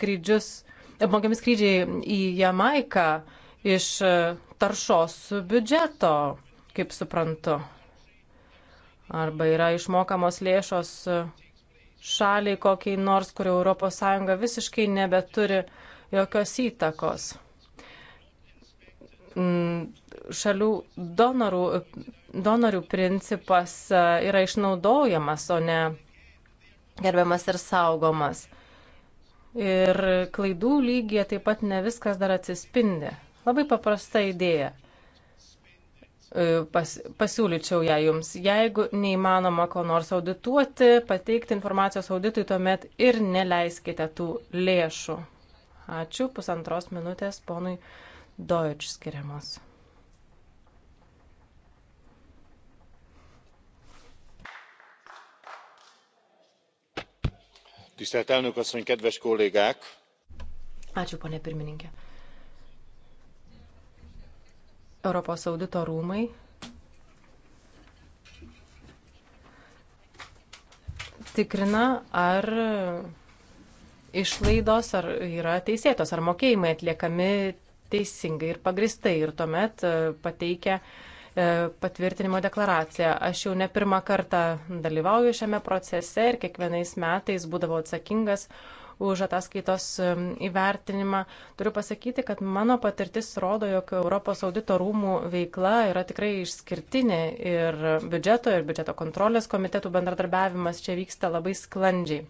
skrydžius, apmokami skrydžiai į Jamaiką iš e, taršos biudžeto, kaip suprantu. Arba yra išmokamos lėšos e, šaliai kokiai nors, kur ES visiškai nebeturi jokios įtakos. Mm, šalių donorų, donorių principas e, yra išnaudojamas, o ne gerbiamas ir saugomas ir klaidų lygyje taip pat ne viskas dar atsispindi. Labai paprasta idėja. E, pas, pasiūlyčiau ją jums. Jeigu neįmanoma ko nors audituoti, pateikti informacijos auditui, tuomet ir neleiskite tų lėšų. Ačiū. Pusantros minutės ponui Deutsch skiriamos. Tisztelt elnök asszony, kedves kollégák! Ačiū, ponė pirmininkė. Europos audito rūmai tikrina, ar išlaidos ar yra teisėtos, ar mokėjimai atliekami teisingai ir pagristai ir tuomet pateikia uh, E, patvirtinimo deklaraciją. Aš jau ne pirmą kartą dalyvauju šiame procese ir kiekvienais metais būdavau atsakingas už ataskaitos e, įvertinimą. Turiu pasakyti, kad mano patirtis rodo, jog Europos audito rūmų veikla yra tikrai išskirtinė ir biudžeto ir biudžeto kontrolės komitetų bendradarbiavimas čia vyksta labai sklandžiai.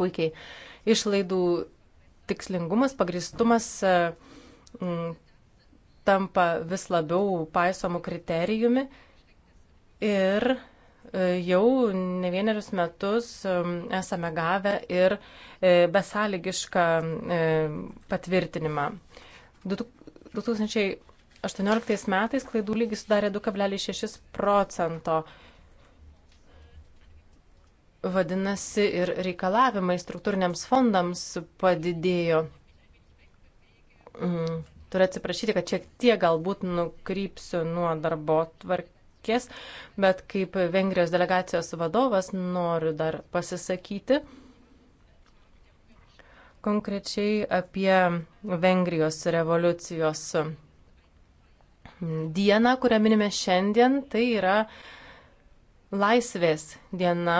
Puikiai. Išlaidų tikslingumas, pagristumas e, tampa vis labiau paisomų kriterijumi ir e, jau ne vienerius metus esame gavę ir e, besąlygišką e, patvirtinimą. 2018 metais klaidų lygis sudarė 2,6 procento. Vadinasi, ir reikalavimai struktūriniams fondams padidėjo. Mm Turiu atsiprašyti, kad šiek tiek galbūt nukrypsiu nuo darbo tvarkės, bet kaip Vengrijos delegacijos vadovas noriu dar pasisakyti konkrečiai apie Vengrijos revoliucijos dieną, kurią minime šiandien. Tai yra laisvės diena,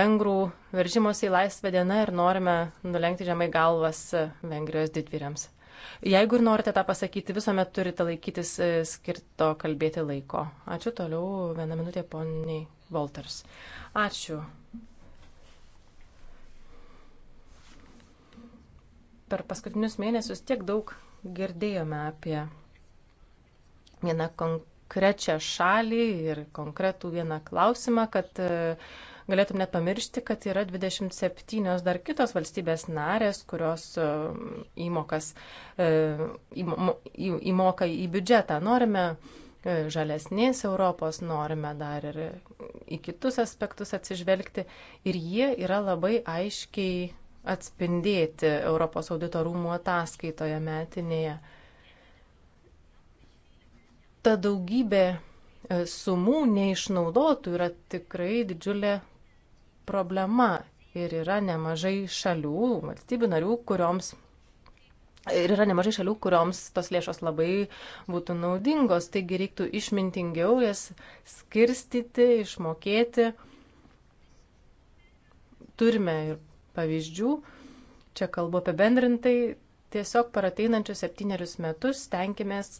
vengrų veržimosi į laisvę diena ir norime nulenkti žemai galvas Vengrijos didvyriams. Jeigu ir norite tą pasakyti, visuomet turite laikytis e, skirto kalbėti laiko. Ačiū toliau, vieną minutę poniai Walters. Ačiū. Per paskutinius mėnesius tiek daug girdėjome apie vieną konkrečią šalį ir konkretų vieną klausimą, kad uh, galėtum net pamiršti, kad yra 27 dar kitos valstybės narės, kurios e, įmokas e, įmoka į biudžetą. Norime e, žalesnės Europos, norime dar ir į kitus aspektus atsižvelgti ir jie yra labai aiškiai atspindėti Europos audito rūmų ataskaitoje metinėje. Ta daugybė sumų neišnaudotų yra tikrai didžiulė problema ir yra nemažai šalių, valstybių narių, kurioms Ir yra nemažai šalių, kurioms tos lėšos labai būtų naudingos, taigi reiktų išmintingiau jas skirstyti, išmokėti. Turime ir pavyzdžių, čia kalbu apie bendrintai, tiesiog per ateinančius septynerius metus tenkimės,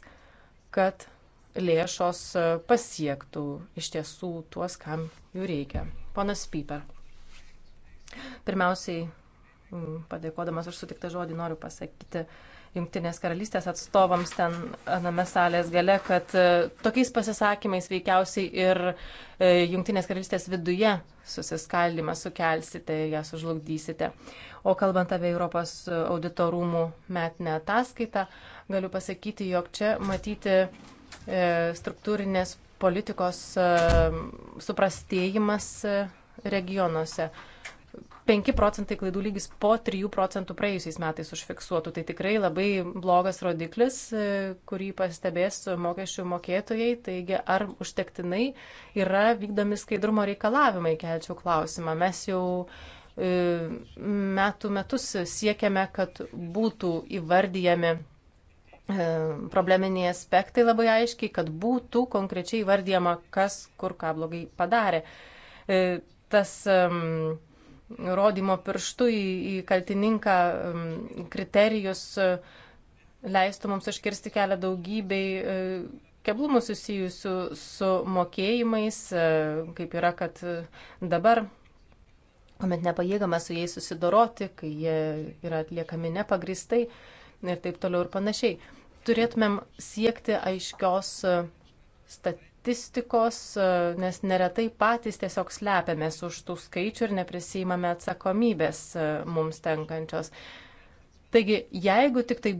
kad lėšos pasiektų iš tiesų tuos, kam jų reikia. Ponas Piper. Pirmiausiai, mm, padėkodamas už sutiktą žodį, noriu pasakyti Junktinės karalystės atstovams ten aname salės gale, kad e, tokiais pasisakymais veikiausiai ir e, Junktinės karalystės viduje susiskaldimą sukelsite ir ją sužlugdysite. O kalbant apie Europos auditorumų metinę ataskaitą, galiu pasakyti, jog čia matyti e, struktūrinės politikos suprastėjimas regionuose. 5 procentai klaidų lygis po 3 procentų praėjusiais metais užfiksuotų. Tai tikrai labai blogas rodiklis, e, kurį pastebės mokesčių mokėtojai. Taigi, ar užtektinai yra vykdomi skaidrumo reikalavimai, kelčiau klausimą. Mes jau e, metų metus siekiame, kad būtų įvardyjami e, probleminiai aspektai labai aiškiai, kad būtų konkrečiai įvardyjama, kas kur ką blogai padarė. Tas um, rodymo pirštų į, į kaltininką um, kriterijus uh, leistų mums iškirsti kelią daugybei uh, keblumų susijusių su mokėjimais, uh, kaip yra, kad dabar, kuomet nepajėgame su jais susidoroti, kai jie yra atliekami nepagristai ir taip toliau ir panašiai. Turėtumėm siekti aiškios statistikos statistikos, e, nes neretai patys tiesiog slepiamės už tų skaičių ir neprisijimame atsakomybės e, mums tenkančios. Taigi, jeigu tik tai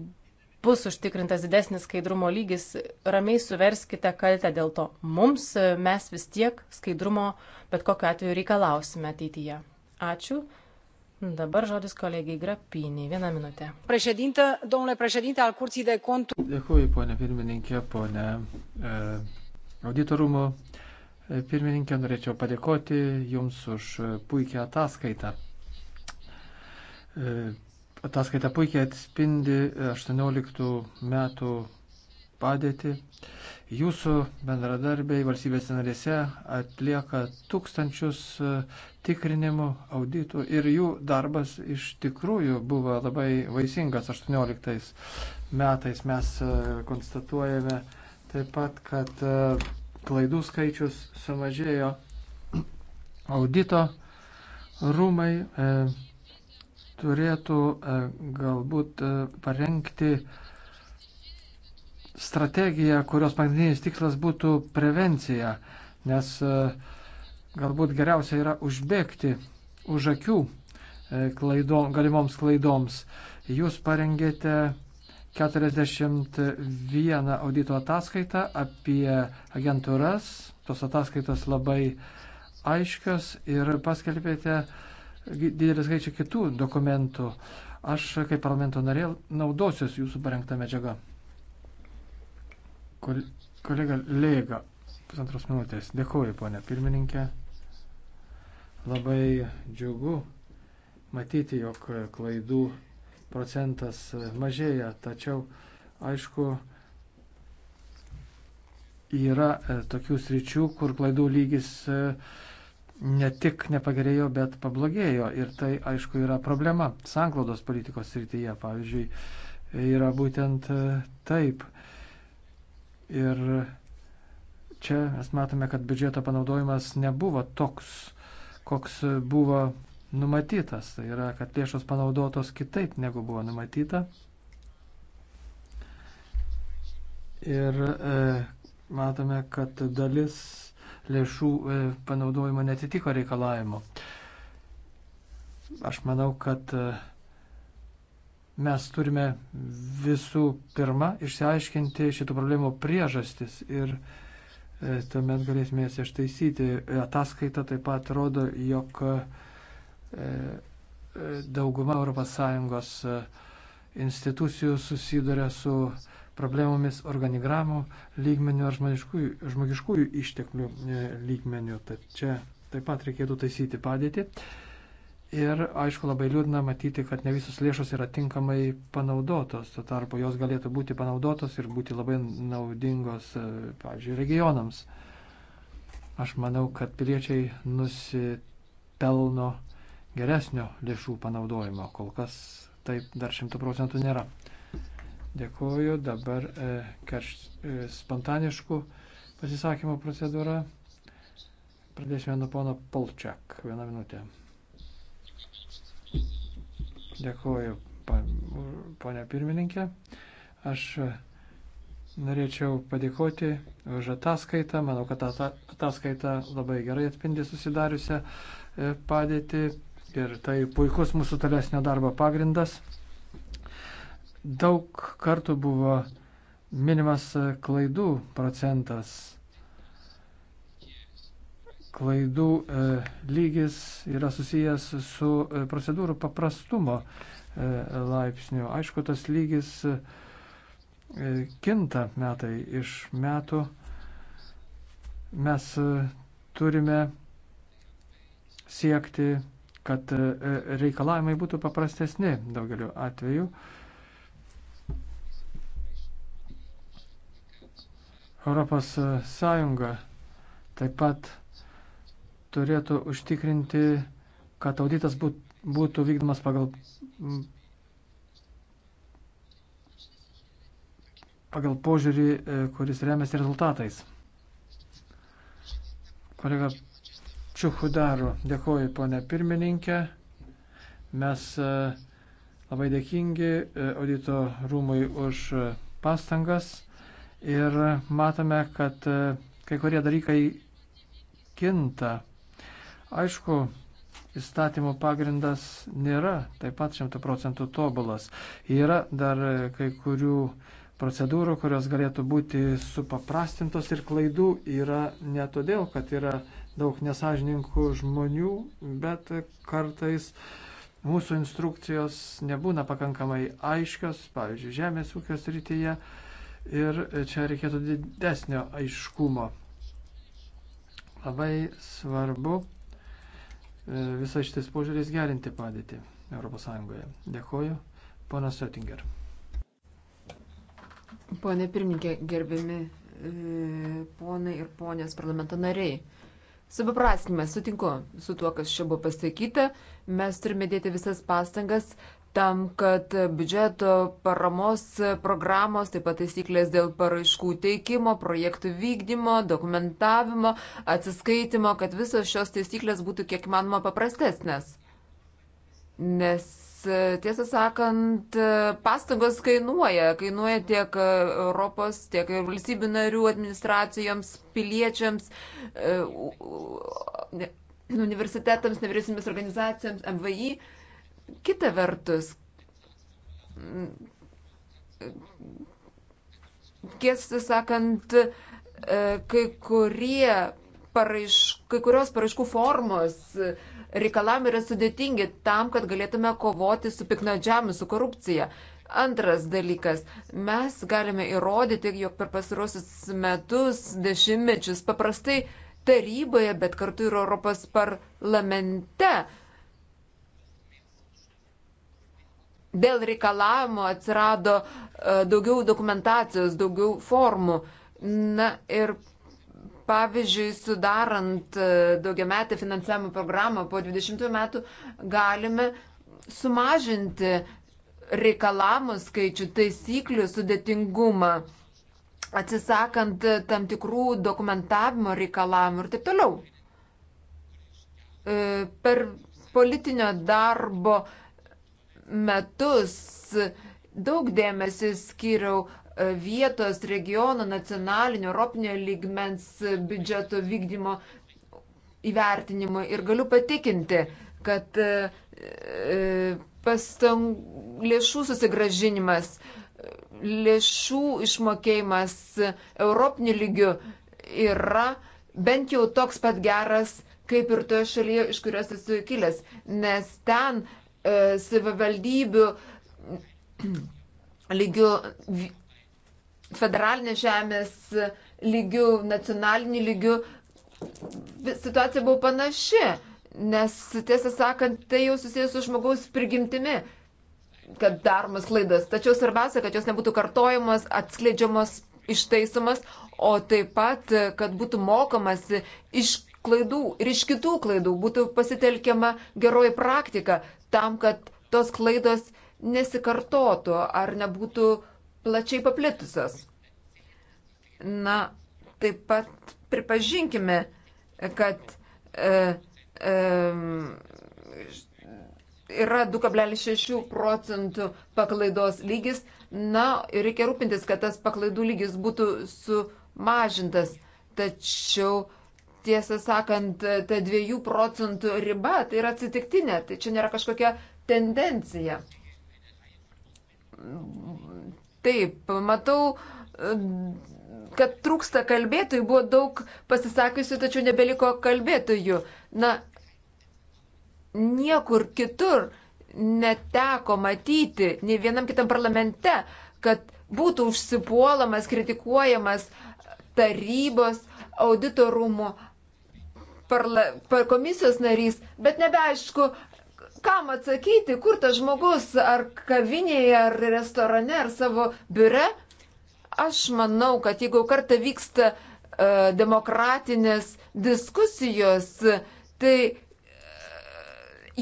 bus užtikrintas didesnis skaidrumo lygis, ramiai suverskite kaltę dėl to. Mums e, mes vis tiek skaidrumo bet kokiu atveju reikalausime ateityje. Ačiū. Dabar žodis kolegijai Grapiniai. Vieną minutę. Președintă, domnule președinte al Curții de Conturi. Dėkui, ponė pirmininkė, ponė e, auditorumo e, pirmininkė, norėčiau padėkoti Jums už puikią ataskaitą. E, ataskaita puikiai atspindi 18 metų padėtį. Jūsų bendradarbiai valstybės narėse atlieka tūkstančius e, tikrinimų, auditų ir jų darbas iš tikrųjų buvo labai vaisingas 18 metais. Mes konstatuojame taip pat, kad e, klaidų skaičius sumažėjo audito rūmai e, turėtų e, galbūt e, parengti strategiją, kurios pagrindinis tikslas būtų prevencija, nes e, galbūt geriausia yra užbėgti už akių e, klaidom, galimoms klaidoms. Jūs parengėte 41 audito ataskaitą apie agentūras. Tos ataskaitos labai aiškios ir paskelbėte didelį skaičių kitų dokumentų. Aš kaip parlamento narė naudosios jūsų parengtą medžiagą. Kol, kolega Lėga, pusantros minutės. Dėkuoju, ponė pirmininkė. Labai džiugu matyti, jog klaidų procentas mažėja, tačiau aišku, yra e, tokių sričių, kur klaidų lygis e, ne tik nepagerėjo, bet pablogėjo. Ir tai, aišku, yra problema. Sanklaudos politikos srityje, pavyzdžiui, yra būtent e, taip. Ir čia mes matome, kad biudžeto panaudojimas nebuvo toks, koks buvo numatytas. Tai yra, kad lėšos panaudotos kitaip negu buvo numatyta. Ir e, matome, kad dalis lėšų e, panaudojimo netitiko reikalavimo. Aš manau, kad e, mes turime visų pirma išsiaiškinti šitų problemų priežastis ir e, tuomet galėsime jas ištaisyti. Ataskaita taip pat rodo, jog e, dauguma ES e, institucijų susiduria su problemomis organigramų lygmenių ar žmogiškųjų, žmogiškųjų išteklių e, lygmenių. Tad čia taip pat reikėtų taisyti padėtį. Ir aišku, labai liūdna matyti, kad ne visos lėšos yra tinkamai panaudotos. Tuo tarpu jos galėtų būti panaudotos ir būti labai naudingos, e, pavyzdžiui, regionams. Aš manau, kad piliečiai nusipelno geresnio lėšų panaudojimo. Kol kas taip dar šimtų procentų nėra. Dėkuoju. Dabar e, kerš, e, spontaniškų pasisakymų procedūra. Pradėsime nuo pono Polčiak. Vieną minutę. Dėkuoju, ponia pirmininkė. Aš e, norėčiau padėkoti už ataskaitą. Manau, kad ta ataskaita labai gerai atspindi susidariusią e, padėtį ir tai puikus mūsų tolesnio darbo pagrindas. Daug kartų buvo minimas klaidų procentas. Klaidų e, lygis yra susijęs su e, procedūrų paprastumo e, laipsniu. Aišku, tas lygis e, kinta metai iš metų. Mes e, turime siekti kad e, e, reikalavimai būtų paprastesni daugeliu atveju. Europos Sąjunga taip pat turėtų užtikrinti, kad auditas būtų vykdomas pagal, pagal požiūrį, e, kuris remiasi rezultatais. Kolega Čuhudaru. Dėkuoju, ponė pirmininkė. Mes e, labai dėkingi e, audito rūmui už e, pastangas ir matome, kad kai kurie dalykai kinta. Aišku, įstatymo pagrindas nėra taip pat šimtų procentų tobulas. Yra dar kai kurių procedūrų, kurios galėtų būti supaprastintos ir klaidų yra ne todėl, kad yra daug nesažininkų žmonių, bet kartais mūsų instrukcijos nebūna pakankamai aiškios, pavyzdžiui, žemės ūkio srityje ir čia reikėtų didesnio aiškumo. Labai svarbu e, visą šitas požiūrės gerinti padėtį ES. Dėkoju, ponas Sötinger. Pone pirmininkė, gerbiami e, ponai ir ponės parlamento nariai. Supaprastinimas, sutinku su tuo, kas čia buvo pasakyta, mes turime dėti visas pastangas tam, kad biudžeto paramos programos, taip pat taisyklės dėl paraiškų teikimo, projektų vykdymo, dokumentavimo, atsiskaitimo, kad visos šios taisyklės būtų kiek manoma paprastesnės. Nes tiesą sakant, pastangos kainuoja. Kainuoja tiek e, Europos, tiek ir valstybių narių administracijoms, piliečiams, e, universitetams, nevyriausybės organizacijoms, MVI. Kita vertus, tiesą sakant, e, kai kurie paraišk, kai kurios paraiškų formos reikalavimai yra sudėtingi tam, kad galėtume kovoti su piknadžiavimu, su korupcija. Antras dalykas, mes galime įrodyti, jog per pasirosius metus, dešimtmečius paprastai taryboje, bet kartu ir Europos parlamente dėl reikalavimo atsirado e, daugiau dokumentacijos, daugiau formų. Na ir pavyzdžiui, sudarant e, daugiametę finansavimo programą po 20 metų galime sumažinti reikalavimų skaičių, taisyklių sudėtingumą, atsisakant e, tam tikrų dokumentavimo reikalavimų ir taip toliau. E, per politinio darbo metus daug dėmesio skiriau vietos, regiono, nacionalinio, europinio lygmens biudžeto vykdymo įvertinimui. Ir galiu patikinti, kad e, e, pastang lėšų susigražinimas, lėšų išmokėjimas europiniu lygiu yra bent jau toks pat geras, kaip ir toje šalyje, iš kurios esu kilęs, nes ten e, savivaldybių lygių federalinės žemės lygių, nacionalinių lygių situacija buvo panaši, nes tiesą sakant, tai jau susijęs su žmogaus prigimtimi, kad daromas klaidas. Tačiau svarbiausia, kad jos nebūtų kartojamos, atskleidžiamos, ištaisomas, o taip pat, kad būtų mokomasi iš klaidų ir iš kitų klaidų, būtų pasitelkiama geroji praktika tam, kad tos klaidos nesikartotų ar nebūtų plačiai paplitusios. Na, taip pat pripažinkime, kad e, e, yra 2,6 procentų paklaidos lygis. Na, ir reikia rūpintis, kad tas paklaidų lygis būtų sumažintas. Tačiau, tiesą sakant, ta 2 procentų riba tai yra atsitiktinė, tai čia nėra kažkokia tendencija. Taip, matau, kad trūksta kalbėtojų, buvo daug pasisakysiu, tačiau nebeliko kalbėtojų. Na, niekur kitur neteko matyti, nei vienam kitam parlamente, kad būtų užsipuolamas, kritikuojamas tarybos, auditorumo, parla, par komisijos narys, bet nebeaišku, kam atsakyti, kur tas žmogus, ar kavinėje, ar restorane, ar savo biure. Aš manau, kad jeigu kartą vyksta uh, demokratinės diskusijos, tai e,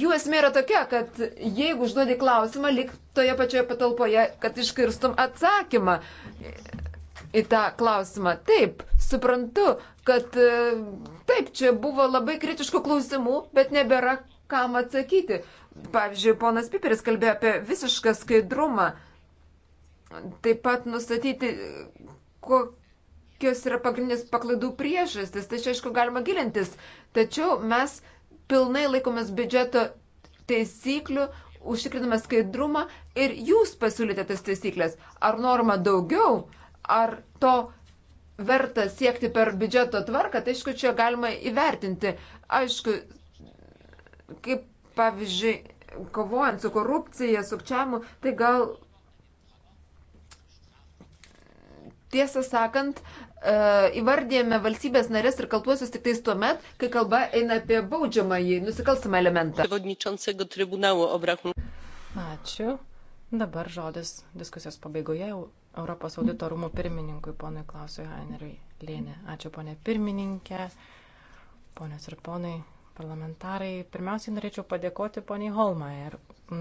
jų esmė yra tokia, kad jeigu užduodi klausimą, lik toje pačioje patalpoje, kad iškirstum atsakymą į tą klausimą. Taip, suprantu, kad e, taip, čia buvo labai kritiškų klausimų, bet nebėra kam atsakyti. Pavyzdžiui, ponas Piperis kalbėjo apie visišką skaidrumą. Taip pat nustatyti, kokios yra pagrindinės paklaidų priežastis. Tai čia, aišku, galima gilintis. Tačiau mes pilnai laikomės biudžeto taisyklių, užtikriname skaidrumą ir jūs pasiūlyte tas taisyklės. Ar norma daugiau, ar to verta siekti per biudžeto tvarką, tai aišku, čia galima įvertinti. Aišku, kaip pavyzdžiui, kovojant su korupcija, sukčiavimu, tai gal tiesą sakant, e, įvardėjame valstybės narės ir kaltuosius tik tais tuo met, kai kalba eina apie baudžiamąjį nusikalstamą elementą. Ačiū. Dabar žodis diskusijos pabaigoje Europos audito rūmų pirmininkui, ponui Klausui Heineriui Lėnė. Ačiū, ponė pirmininkė, ponės ir ponai, parlamentarai, pirmiausiai norėčiau padėkoti poniai Holmaier,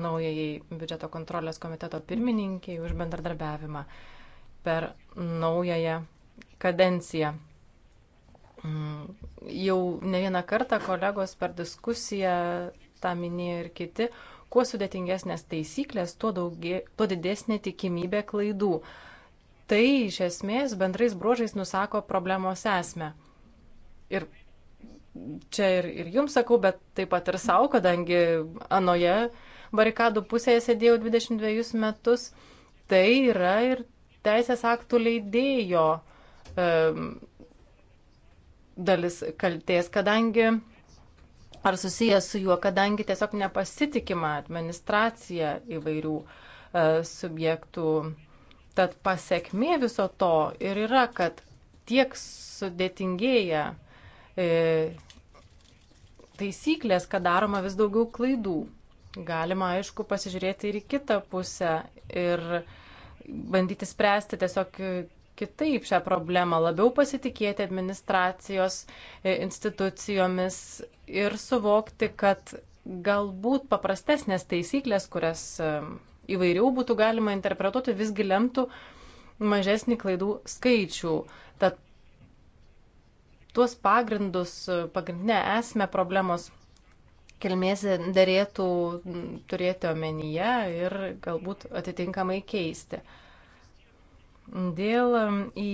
naujai biudžeto kontrolės komiteto pirmininkiai, už bendradarbiavimą per naująją kadenciją. Mm, jau ne vieną kartą kolegos per diskusiją tą minėjo ir kiti, kuo sudėtingesnės taisyklės, tuo, daugie, tuo didesnė tikimybė klaidų. Tai iš esmės bendrais bruožais nusako problemos esmę. Ir čia ir, ir jums sakau, bet taip pat ir savo, kadangi anoje barikadų pusėje sėdėjau 22 metus, tai yra ir teisės aktų leidėjo um, dalis kalties, kadangi ar susijęs su juo, kadangi tiesiog nepasitikima administracija įvairių uh, subjektų. Tad pasiekmė viso to ir yra, kad tiek sudėtingėja e, taisyklės, kad daroma vis daugiau klaidų. Galima, aišku, pasižiūrėti ir į kitą pusę ir bandyti spręsti tiesiog kitaip šią problemą, labiau pasitikėti administracijos e, institucijomis ir suvokti, kad galbūt paprastesnės taisyklės, kurias e, įvairiau būtų galima interpretuoti, visgi lemtų mažesnį klaidų skaičių. Tad tuos pagrindus, e, pagrindinę esmę problemos kilmės dėrėtų turėti omenyje ir galbūt atitinkamai keisti. Dėl į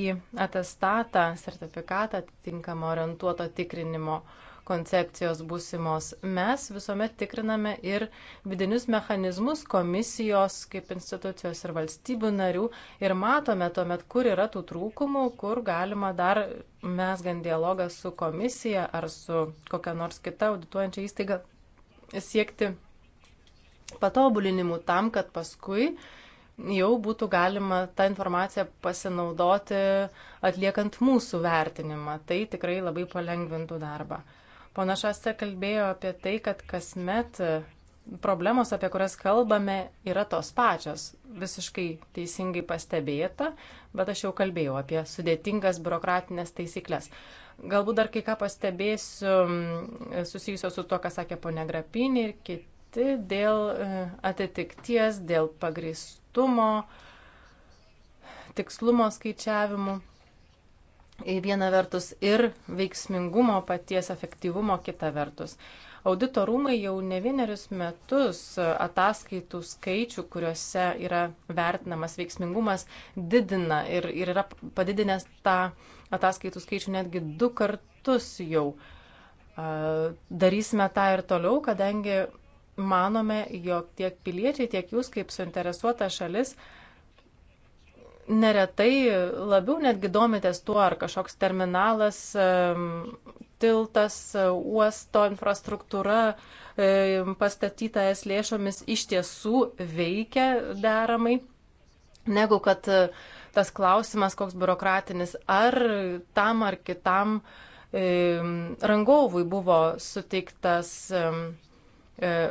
atestatą, sertifikatą atitinkamo orientuoto tikrinimo uh, koncepcijos būsimos. Mes visuomet tikriname ir vidinius mechanizmus komisijos kaip institucijos ir valstybių narių ir matome tuomet, kur yra tų trūkumų, kur galima dar mesgant dialogą su komisija ar su kokia nors kita audituojančia įstaiga siekti patobulinimų tam, kad paskui jau būtų galima tą informaciją pasinaudoti atliekant mūsų vertinimą. Tai tikrai labai palengvintų darbą. Panašaste kalbėjo apie tai, kad kasmet problemos, apie kurias kalbame, yra tos pačios. Visiškai teisingai pastebėta, bet aš jau kalbėjau apie sudėtingas biurokratinės taisyklės. Galbūt dar kai ką pastebėsiu susijusio su to, ką sakė ponia Grapinė ir kiti, dėl e, atitikties, dėl pagristumo, tikslumo skaičiavimų viena vertus ir veiksmingumo paties efektyvumo kita vertus. Audito rūmai jau ne vienerius metus ataskaitų skaičių, kuriuose yra vertinamas veiksmingumas, didina ir, ir yra padidinęs tą ataskaitų skaičių netgi du kartus jau. Darysime tą ir toliau, kadangi manome, jog tiek piliečiai, tiek jūs kaip suinteresuota šalis neretai labiau netgi domitės tuo, ar kažkoks terminalas, tiltas, e, uosto infrastruktūra e, pastatyta es lėšomis iš tiesų veikia deramai, negu kad e, tas klausimas, koks biurokratinis, ar tam ar kitam rangovui buvo suteiktas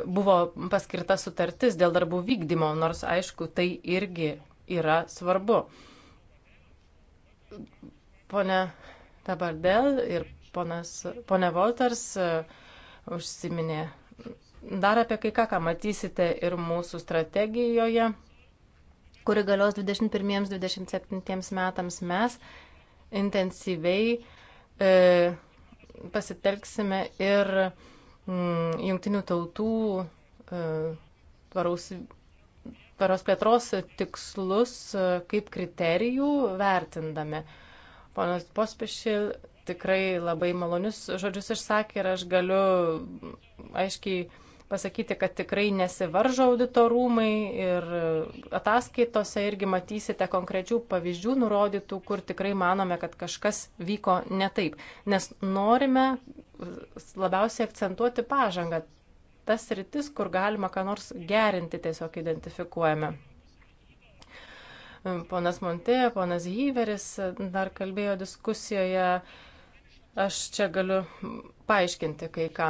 buvo paskirta sutartis dėl darbų vykdymo, nors aišku, tai irgi yra svarbu. Pone Tabardel ir ponas, pone Volters e, užsiminė dar apie kai ką, ką matysite ir mūsų strategijoje, kuri galios 21-27 metams mes intensyviai e, pasitelksime ir mm, jungtinių tautų e, tvaraus tvarios plėtros tikslus e, kaip kriterijų vertindami. Ponas Pospešil tikrai labai malonius žodžius išsakė ir aš galiu aiškiai pasakyti, kad tikrai nesivaržo auditorumai ir ataskaitose irgi matysite konkrečių pavyzdžių nurodytų, kur tikrai manome, kad kažkas vyko ne taip. Nes norime labiausiai akcentuoti pažangą tas rytis, kur galima ką nors gerinti, tiesiog identifikuojame. Ponas Montė, ponas Hyveris dar kalbėjo diskusijoje, aš čia galiu paaiškinti kai ką.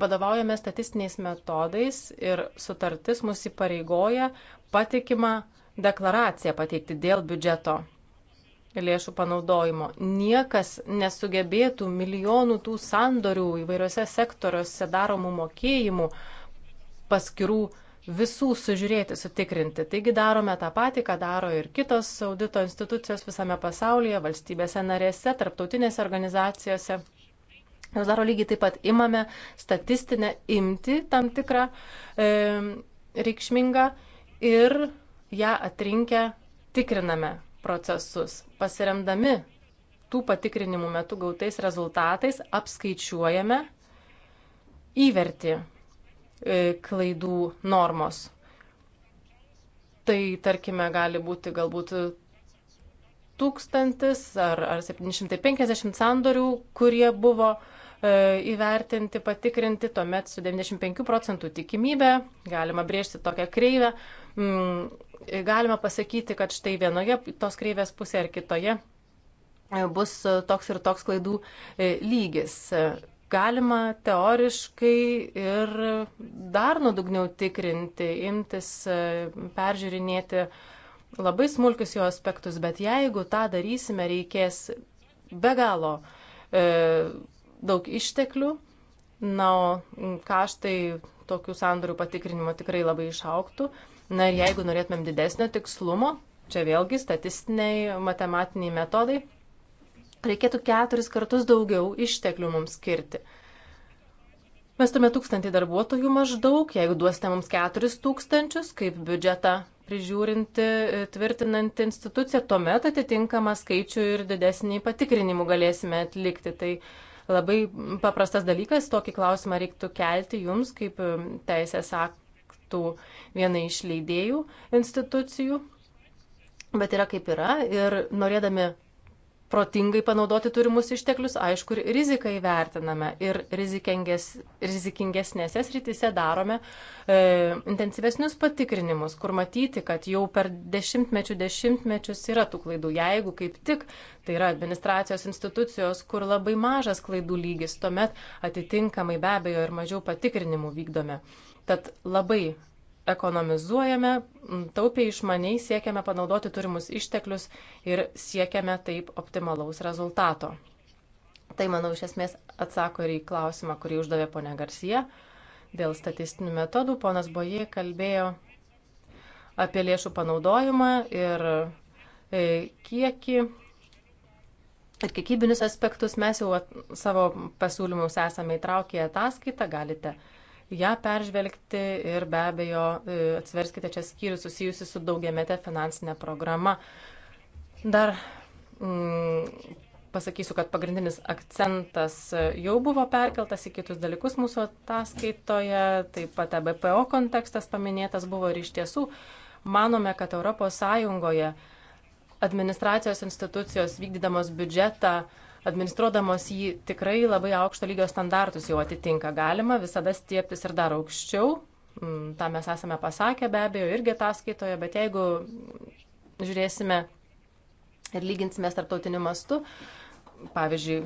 Vadovaujame statistiniais metodais ir sutartis mus įpareigoja patikimą deklaraciją pateikti dėl biudžeto lėšų panaudojimo. Niekas nesugebėtų milijonų tų sandorių įvairiose sektoriuose daromų mokėjimų paskirų visų sužiūrėti, sutikrinti. Taigi darome tą patį, ką daro ir kitos audito institucijos visame pasaulyje, valstybėse narėse, tarptautinėse organizacijose. Jos daro lygiai taip pat imame statistinę imti tam tikrą e, reikšmingą ir ją atrinkę tikriname, procesus, pasiremdami tų patikrinimų metu gautais rezultatais, apskaičiuojame įvertį e, klaidų normos. Tai tarkime gali būti galbūt tūkstantis ar, ar 750 sandorių, kurie buvo e, įvertinti, patikrinti, tuomet su 95 procentų tikimybė galima brėžti tokią kreivę, m, mm, galime pasakyti, kad štai vienoje tos kreivės pusėje ar kitoje e, bus e, toks ir toks klaidų e, lygis. Galima teoriškai ir dar nuodugniau tikrinti, imtis, peržiūrinėti labai smulkius jo aspektus, bet jeigu tą darysime, reikės be galo e, daug išteklių, na, o kaštai tokių sandorių patikrinimo tikrai labai išauktų. E, Na ir jeigu norėtumėm didesnio tikslumo, čia vėlgi statistiniai matematiniai metodai, reikėtų keturis kartus daugiau išteklių mums skirti. Mes turime tūkstantį darbuotojų maždaug, jeigu duosite mums keturis tūkstančius kaip biudžetą prižiūrinti, tvirtinanti institucija, tuomet atitinkamą skaičių ir didesnį patikrinimų galėsime atlikti. Tai labai paprastas dalykas, tokį klausimą reiktų kelti jums kaip teisės aktų būtų viena iš leidėjų institucijų, bet yra kaip yra ir norėdami protingai panaudoti turimus išteklius, aišku, ir riziką įvertiname ir rizikinges, rizikingesnėse srityse darome e, intensyvesnius patikrinimus, kur matyti, kad jau per dešimtmečių dešimtmečius yra tų klaidų. Jeigu kaip tik tai yra administracijos institucijos, kur labai mažas klaidų lygis, tuomet atitinkamai be abejo ir mažiau patikrinimų vykdome. E, Tad labai ekonomizuojame, taupiai išmaniai siekiame panaudoti turimus išteklius ir siekiame taip optimalaus rezultato. Tai, manau, iš esmės atsako ir į klausimą, kurį uždavė ponia Garcija. Dėl statistinių metodų ponas Bojė kalbėjo apie lėšų panaudojimą ir e, kiekį ir kiekybinius aspektus mes jau at, savo pasiūlymus esame įtraukę į ataskaitą, galite uh, ją peržvelgti ir be abejo e, atsverskite čia skyrių susijusi su daugiamete finansinė programa. Dar mm, pasakysiu, kad pagrindinis akcentas e, jau buvo perkeltas į kitus dalykus mūsų ataskaitoje, taip pat ABPO e kontekstas paminėtas buvo ir iš tiesų manome, kad ES administracijos institucijos vykdydamos biudžetą uh, administruodamos jį tikrai labai aukšto lygio standartus jau atitinka. Galima visada stieptis ir dar aukščiau, mm, tą mes esame pasakę be abejo irgi ataskaitoje, bet jeigu žiūrėsime ir lyginsime tarptautiniu mastu, pavyzdžiui,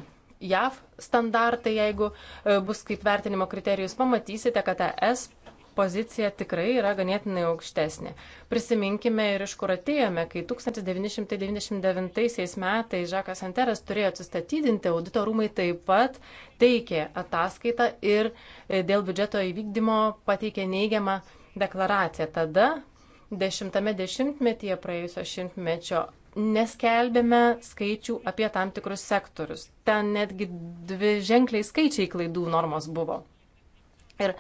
JAV standartai, jeigu e, bus kaip vertinimo kriterijus, pamatysite, kad ES pozicija tikrai yra ganėtinai aukštesnė. Prisiminkime ir iš kur atėjome, kai 1999 metais Žakas Anteras turėjo atsistatydinti, audito rūmai taip pat teikė ataskaitą ir e, dėl biudžeto įvykdymo pateikė neigiamą deklaraciją. Tada dešimtame dešimtmetyje praėjusio šimtmečio neskelbėme skaičių apie tam tikrus sektorius. Ten netgi dvi ženkliai skaičiai klaidų normos buvo. Ir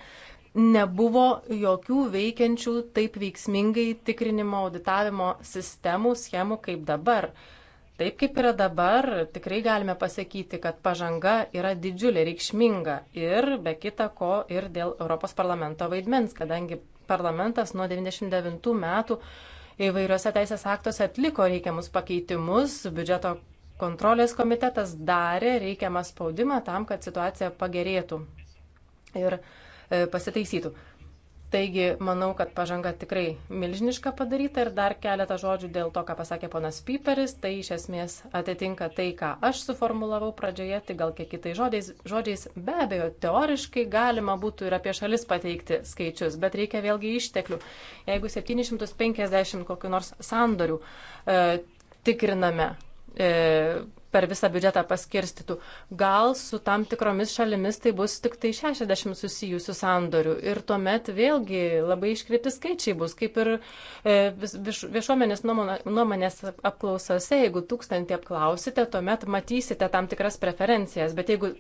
nebuvo jokių veikiančių taip veiksmingai tikrinimo auditavimo sistemų, schemų kaip dabar. Taip kaip yra dabar, tikrai galime pasakyti, kad pažanga yra didžiulė, reikšminga ir be kita ko ir dėl Europos parlamento vaidmens, kadangi parlamentas nuo 99 metų įvairiuose teisės aktuose atliko reikiamus pakeitimus, biudžeto kontrolės komitetas darė reikiamą spaudimą tam, kad situacija pagerėtų. Ir uh, E, pasitaisytų. Taigi, manau, kad pažanga tikrai milžiniška padaryta ir dar keletą žodžių dėl to, ką pasakė ponas Piperis, tai iš esmės atitinka tai, ką aš suformulavau pradžioje, tai gal kiek kitais žodžiais, žodžiais. Be abejo, teoriškai galima būtų ir apie šalis pateikti skaičius, bet reikia vėlgi išteklių. Jeigu 750 kokiu nors sandorių e, tikriname, e, per visą biudžetą paskirstytų. Gal su tam tikromis šalimis tai bus tik tai 60 susijusių sandorių ir tuomet vėlgi labai iškreipti skaičiai bus, kaip ir e, viešuomenės nuomonės apklausose, jeigu tūkstantį apklausite, tuomet matysite tam tikras preferencijas, bet jeigu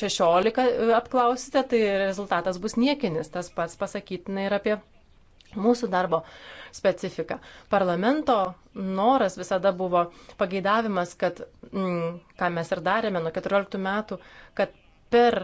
16 e, apklausite, tai rezultatas bus niekinis, tas pats pasakytina ir apie mūsų darbo specifika. Parlamento noras visada buvo pageidavimas, kad, m, mm, ką mes ir darėme nuo 14 metų, kad per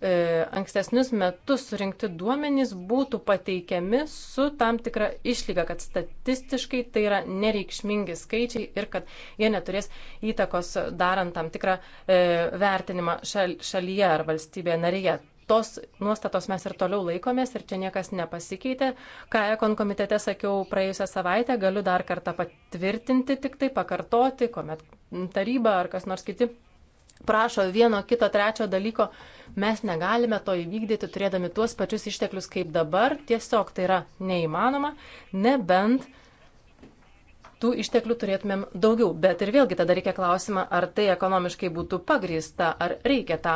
e, ankstesnius metus surinkti duomenys būtų pateikiami su tam tikra išlyga, kad statistiškai tai yra nereikšmingi skaičiai ir kad jie neturės įtakos darant tam tikrą e, vertinimą šal, šalyje ar valstybėje narėje tos nuostatos mes ir toliau laikomės ir čia niekas nepasikeitė. Ką Ekon komitete sakiau praėjusią savaitę, galiu dar kartą patvirtinti, tik tai pakartoti, kuomet taryba ar kas nors kiti prašo vieno, kito, trečio dalyko, mes negalime to įvykdyti turėdami tuos pačius išteklius kaip dabar, tiesiog tai yra neįmanoma, nebent tų išteklių turėtumėm daugiau. Bet ir vėlgi tada reikia klausimą, ar tai ekonomiškai būtų pagrįsta, ar reikia tą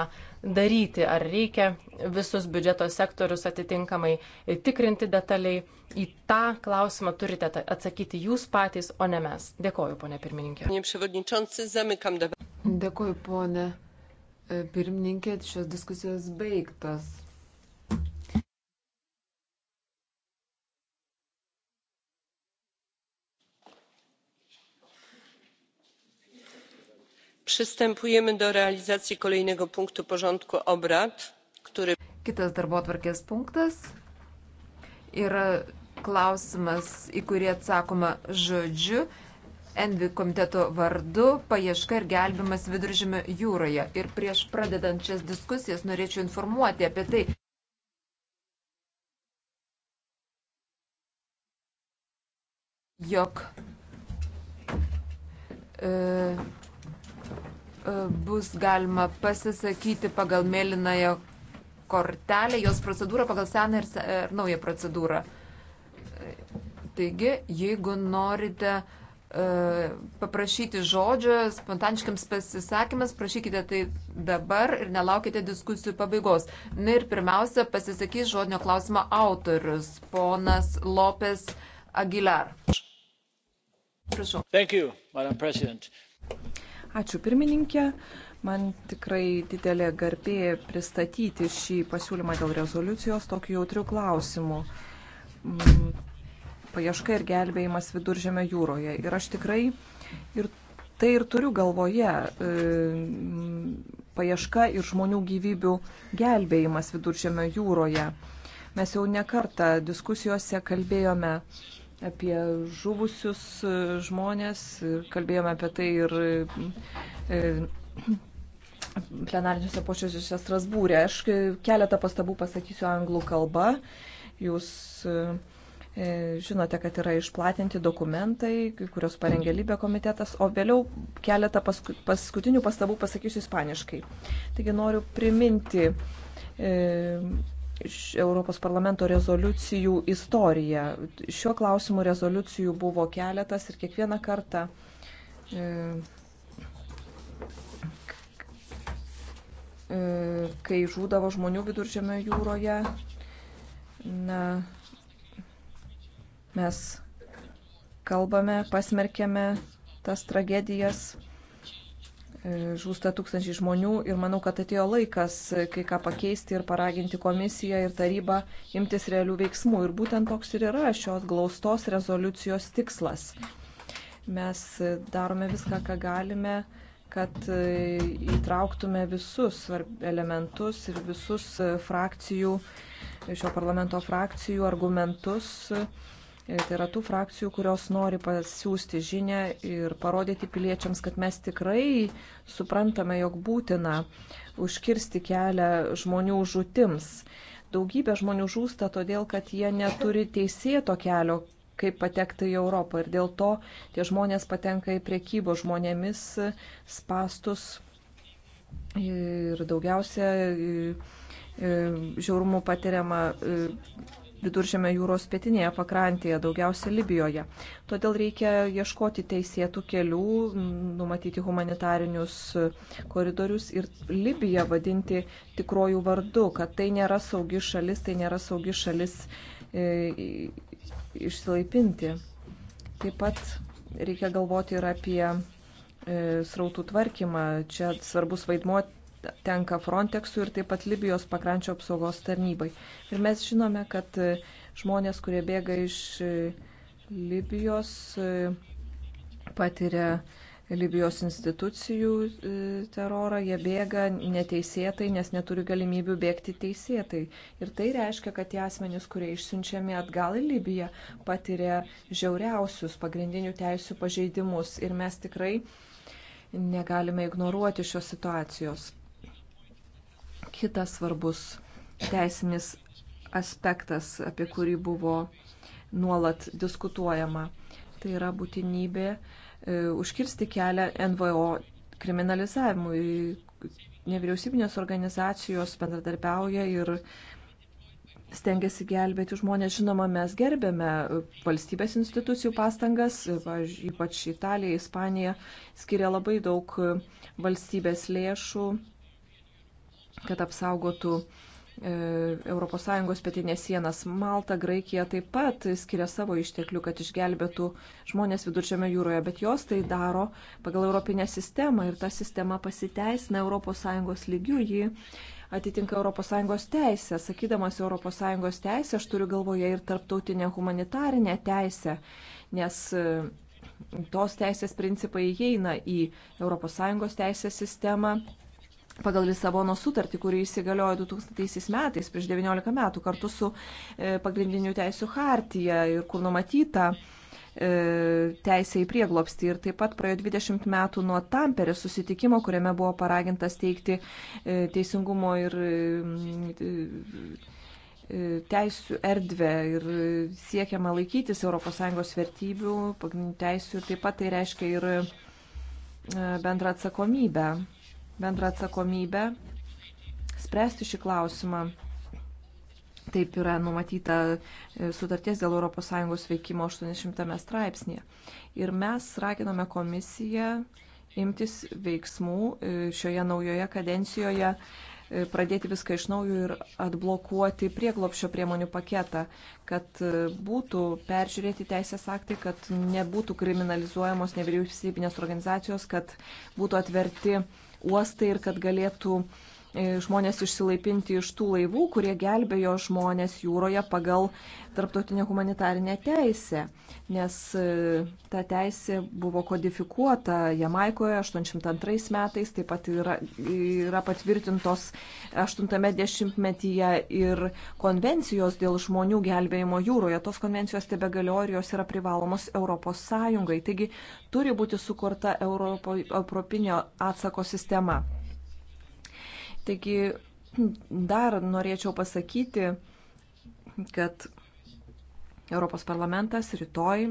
daryti, ar reikia visus biudžeto sektorius atitinkamai tikrinti detaliai. Į tą klausimą turite atsakyti jūs patys, o ne mes. Dėkoju, ponė pirmininkė. Dėkoju, ponė e, pirmininkė. Šios diskusijos baigtos. Przystępujemy do realizacji kolejnego punktu porządku obrad, który. Kitas darbotvarkės punktas yra klausimas, į kurį atsakoma žodžiu. Envi komiteto vardu paieška ir gelbimas viduržymio jūroje. Ir prieš pradedant šias diskusijas norėčiau informuoti apie tai. jog e, E, bus galima pasisakyti pagal mėlynąją kortelę, jos procedūrą pagal seną ir, e, ir naują procedūrą. Taigi, jeigu norite uh, paprašyti žodžio spontaniškiams pasisakymams, prašykite tai dabar ir nelaukite diskusijų pabaigos. Na ir pirmiausia, pasisakys žodinio klausimo autorius, ponas Lopes Aguilar. Prašau. Thank you, Madam President. Ačiū pirmininkė. Man tikrai didelė garbė pristatyti šį pasiūlymą dėl rezoliucijos tokiu jautriu klausimu. Mm, paieška ir gelbėjimas viduržėme jūroje. Ir aš tikrai ir tai ir turiu galvoje. E, mm, paieška ir žmonių gyvybių gelbėjimas viduržėme jūroje. Mes jau nekartą diskusijose kalbėjome apie žuvusius e, žmonės, kalbėjome apie tai ir e, plenariniuose počiuose Strasbūrė. Aš e, keletą pastabų pasakysiu anglų kalba. Jūs žinote, kad yra išplatinti dokumentai, kurios parengė Libė komitetas, o vėliau keletą pasku, paskutinių pastabų pasakysiu ispaniškai. Taigi noriu priminti e, Europos parlamento rezoliucijų istoriją. Šiuo klausimu rezoliucijų buvo keletas ir kiekvieną kartą, e, e, kai žūdavo žmonių viduržėme jūroje, na, mes kalbame, pasmerkėme tas tragedijas E, žūsta tūkstančiai žmonių ir manau, kad atėjo laikas e, kai ką pakeisti ir paraginti komisiją ir tarybą imtis realių veiksmų. Ir būtent toks ir yra šios glaustos rezoliucijos tikslas. Mes e, darome viską, ką galime, kad įtrauktume visus elementus ir visus frakcijų, šio parlamento frakcijų argumentus E, tai yra tų frakcijų, kurios nori pasiūsti žinę ir parodyti piliečiams, kad mes tikrai suprantame, jog būtina užkirsti kelią žmonių žūtims. Daugybė žmonių žūsta todėl, kad jie neturi teisėto kelio, kaip patekti į Europą. Ir dėl to tie žmonės patenka į priekybo žmonėmis spastus. Ir daugiausia e, e, žiaurumų patiriama viduržėme jūros pietinėje pakrantėje, daugiausia Libijoje. Todėl reikia ieškoti teisėtų kelių, numatyti humanitarinius koridorius ir Libiją vadinti tikrojų vardu, kad tai nėra saugi šalis, tai nėra saugi šalis e, išsilaipinti. Taip pat reikia galvoti ir apie e, srautų tvarkymą. Čia svarbus vaidmuo tenka Frontexui ir taip pat Libijos pakrančio apsaugos tarnybai. Ir mes žinome, kad e, žmonės, kurie bėga iš e, Libijos, e, patiria Libijos institucijų terorą, jie bėga neteisėtai, nes neturi galimybių bėgti teisėtai. Ir tai reiškia, kad tie asmenys, kurie išsiunčiami atgal į Libiją, patiria žiauriausius pagrindinių teisų pažeidimus. Ir mes tikrai negalime ignoruoti šios situacijos. Kitas svarbus teisinis aspektas, apie kurį buvo nuolat diskutuojama, tai yra būtinybė e, užkirsti kelią NVO kriminalizavimui. Nevyriausybinės organizacijos bendradarbiauja ir stengiasi gelbėti žmonės. Žinoma, mes gerbėme valstybės institucijų pastangas, ypač Italija, Ispanija skiria labai daug valstybės lėšų kad apsaugotų e, ES pietinės sienas. Malta, Graikija taip pat skiria savo išteklių, kad išgelbėtų žmonės viduržėme jūroje, bet jos tai daro pagal Europinę sistemą ir ta sistema pasiteisina ES lygių, ji atitinka ES teisę. Sakydamas ES teisę, aš turiu galvoje ir tarptautinę humanitarinę teisę, nes e, tos teisės principai įeina į ES teisės sistemą pagal Lisabono sutartį, kuri įsigaliojo 2000 metais, prieš 19 metų, kartu su e, pagrindinių teisų hartija ir kur numatyta e, teisė į prieglopstį. Ir taip pat praėjo 20 metų nuo Tamperės susitikimo, kuriame buvo paragintas teikti e, teisingumo ir teisų erdvę ir siekiama laikytis ES vertybių, pagrindinių teisų ir taip pat tai reiškia ir bendrą atsakomybę bendrą atsakomybę spręsti šį klausimą. Taip yra numatyta e, sutarties dėl ES veikimo 80 straipsnėje. Ir mes raginome komisiją imtis veiksmų e, šioje naujoje kadencijoje, e, pradėti viską iš naujo ir atblokuoti prieglopšio priemonių paketą, kad būtų peržiūrėti teisės aktai, kad nebūtų kriminalizuojamos nevyriausybinės organizacijos, kad būtų atverti uostai ir kad galėtų uh, E, žmonės išsilaipinti iš tų laivų, kurie gelbėjo žmonės jūroje pagal tarptautinę humanitarinę teisę, nes e, ta teisė buvo kodifikuota Jamaikoje 802 metais, taip pat yra, yra patvirtintos 80-metyje ir konvencijos dėl žmonių gelbėjimo jūroje. Tos konvencijos tebe galioja ir jos yra privalomos Europos Sąjungai. Taigi turi būti sukurta Europo, europinio atsako sistema. Taigi dar norėčiau pasakyti, kad Europos parlamentas rytoj,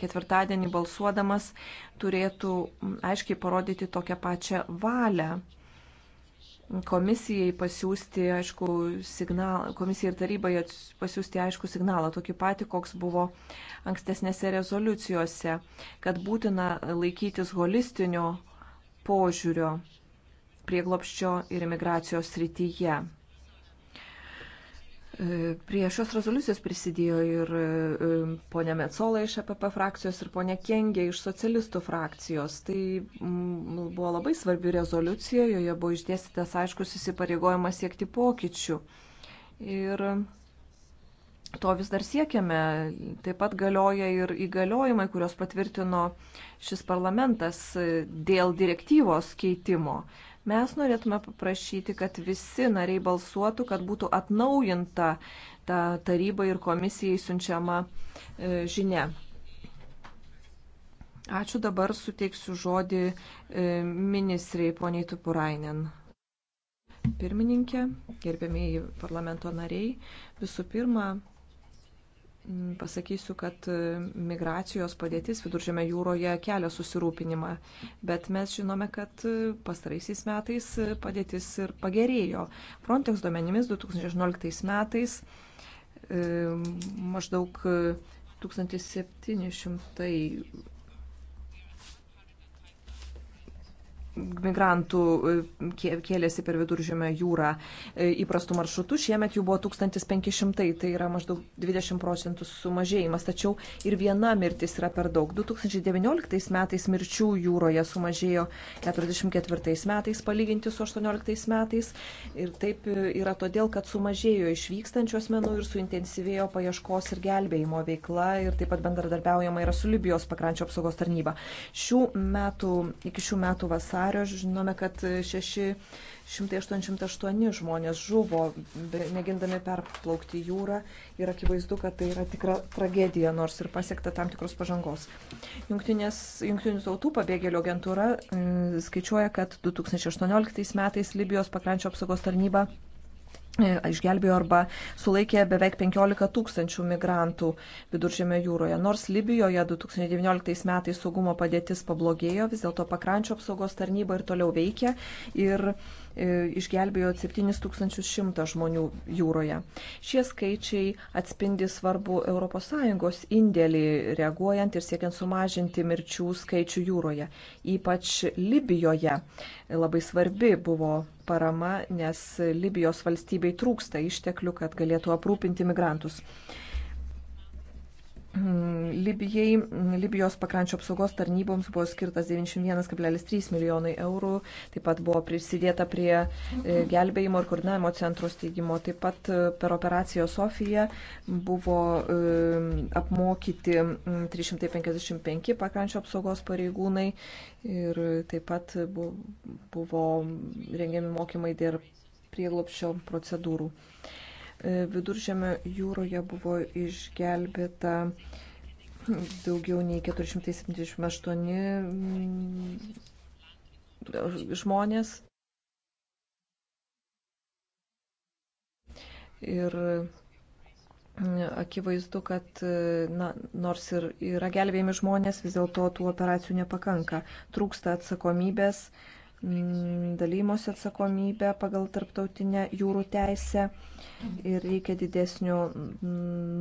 ketvirtadienį balsuodamas, turėtų aiškiai parodyti tokią pačią valią komisijai pasiūsti, aišku, signalą, komisijai ir tarybai pasiūsti aišku signalą, tokį patį, koks buvo ankstesnėse rezoliucijose, kad būtina laikytis holistinio požiūrio prieglopščio ir imigracijos srityje. E, prie šios rezoliucijos prisidėjo ir e, ponė Metzola iš APP e frakcijos ir ponė Kengė iš socialistų frakcijos. Tai buvo labai svarbi rezoliucija, joje buvo išdėstytas aiškus įsipareigojimas siekti pokyčių. Ir to vis dar siekiame. Taip pat galioja ir įgaliojimai, kurios patvirtino šis parlamentas dėl direktyvos keitimo. Mes norėtume paprašyti, kad visi nariai balsuotų, kad būtų atnaujinta ta taryba ir komisijai siunčiama e, žinia. Ačiū dabar suteiksiu žodį e, ministrei poniai Tupurainen. Pirmininkė, gerbėmiai parlamento nariai, visų pirma, pasakysiu, kad e, migracijos padėtis viduržėme jūroje kelia susirūpinimą, bet mes žinome, kad e, pastaraisiais metais e, padėtis ir pagerėjo. Frontex duomenimis 2018 metais maždaug 1700 migrantų e, kėlėsi per viduržėmę jūrą e, įprastų maršrutų. Šiemet jų buvo 1500, tai yra maždaug 20 procentų sumažėjimas, tačiau ir viena mirtis yra per daug. 2019 metais mirčių jūroje sumažėjo 44 metais palyginti su 18 metais ir taip e, yra todėl, kad sumažėjo išvykstančių asmenų ir suintensyvėjo paieškos ir gelbėjimo veikla ir taip pat bendradarbiaujama yra su Libijos pakrančio apsaugos tarnyba. Šių metų, iki šių metų vasarą nario žinome, kad 688 žmonės žuvo, mėgindami perplaukti jūrą ir akivaizdu, kad tai yra tikra tragedija, nors ir pasiekta tam tikros pažangos. Jungtinės, Jungtinių tautų pabėgėlių agentūra mm, skaičiuoja, kad 2018 metais Libijos pakrančio apsaugos tarnyba E, išgelbėjo arba sulaikė beveik 15 tūkstančių migrantų viduržėme jūroje. Nors Libijoje 2019 metais saugumo padėtis pablogėjo, vis dėlto pakrančio apsaugos tarnyba ir toliau veikia ir E, išgelbėjo 7100 žmonių jūroje. Šie skaičiai atspindi svarbu ES indėlį reaguojant ir siekiant sumažinti mirčių skaičių jūroje. Ypač Libijoje labai svarbi buvo parama, nes Libijos valstybei trūksta išteklių, kad galėtų aprūpinti migrantus. Libijai, Libijos pakrančio apsaugos tarnyboms buvo skirtas 91,3 milijonai eurų, taip pat buvo prisidėta prie e, gelbėjimo ir koordinavimo centro steigimo, taip pat e, per operaciją Sofija buvo e, apmokyti 355 pakrančio apsaugos pareigūnai ir taip pat buvo rengiami mokymai dėl prieglopščio procedūrų. Viduržėme jūroje buvo išgelbėta daugiau nei 478 mm, žmonės. Ir mm, akivaizdu, kad mm, na, nors ir yra gelbėjami žmonės, vis dėlto tų operacijų nepakanka. Trūksta atsakomybės, dalymosi atsakomybė pagal tarptautinę jūrų teisę ir reikia didesnio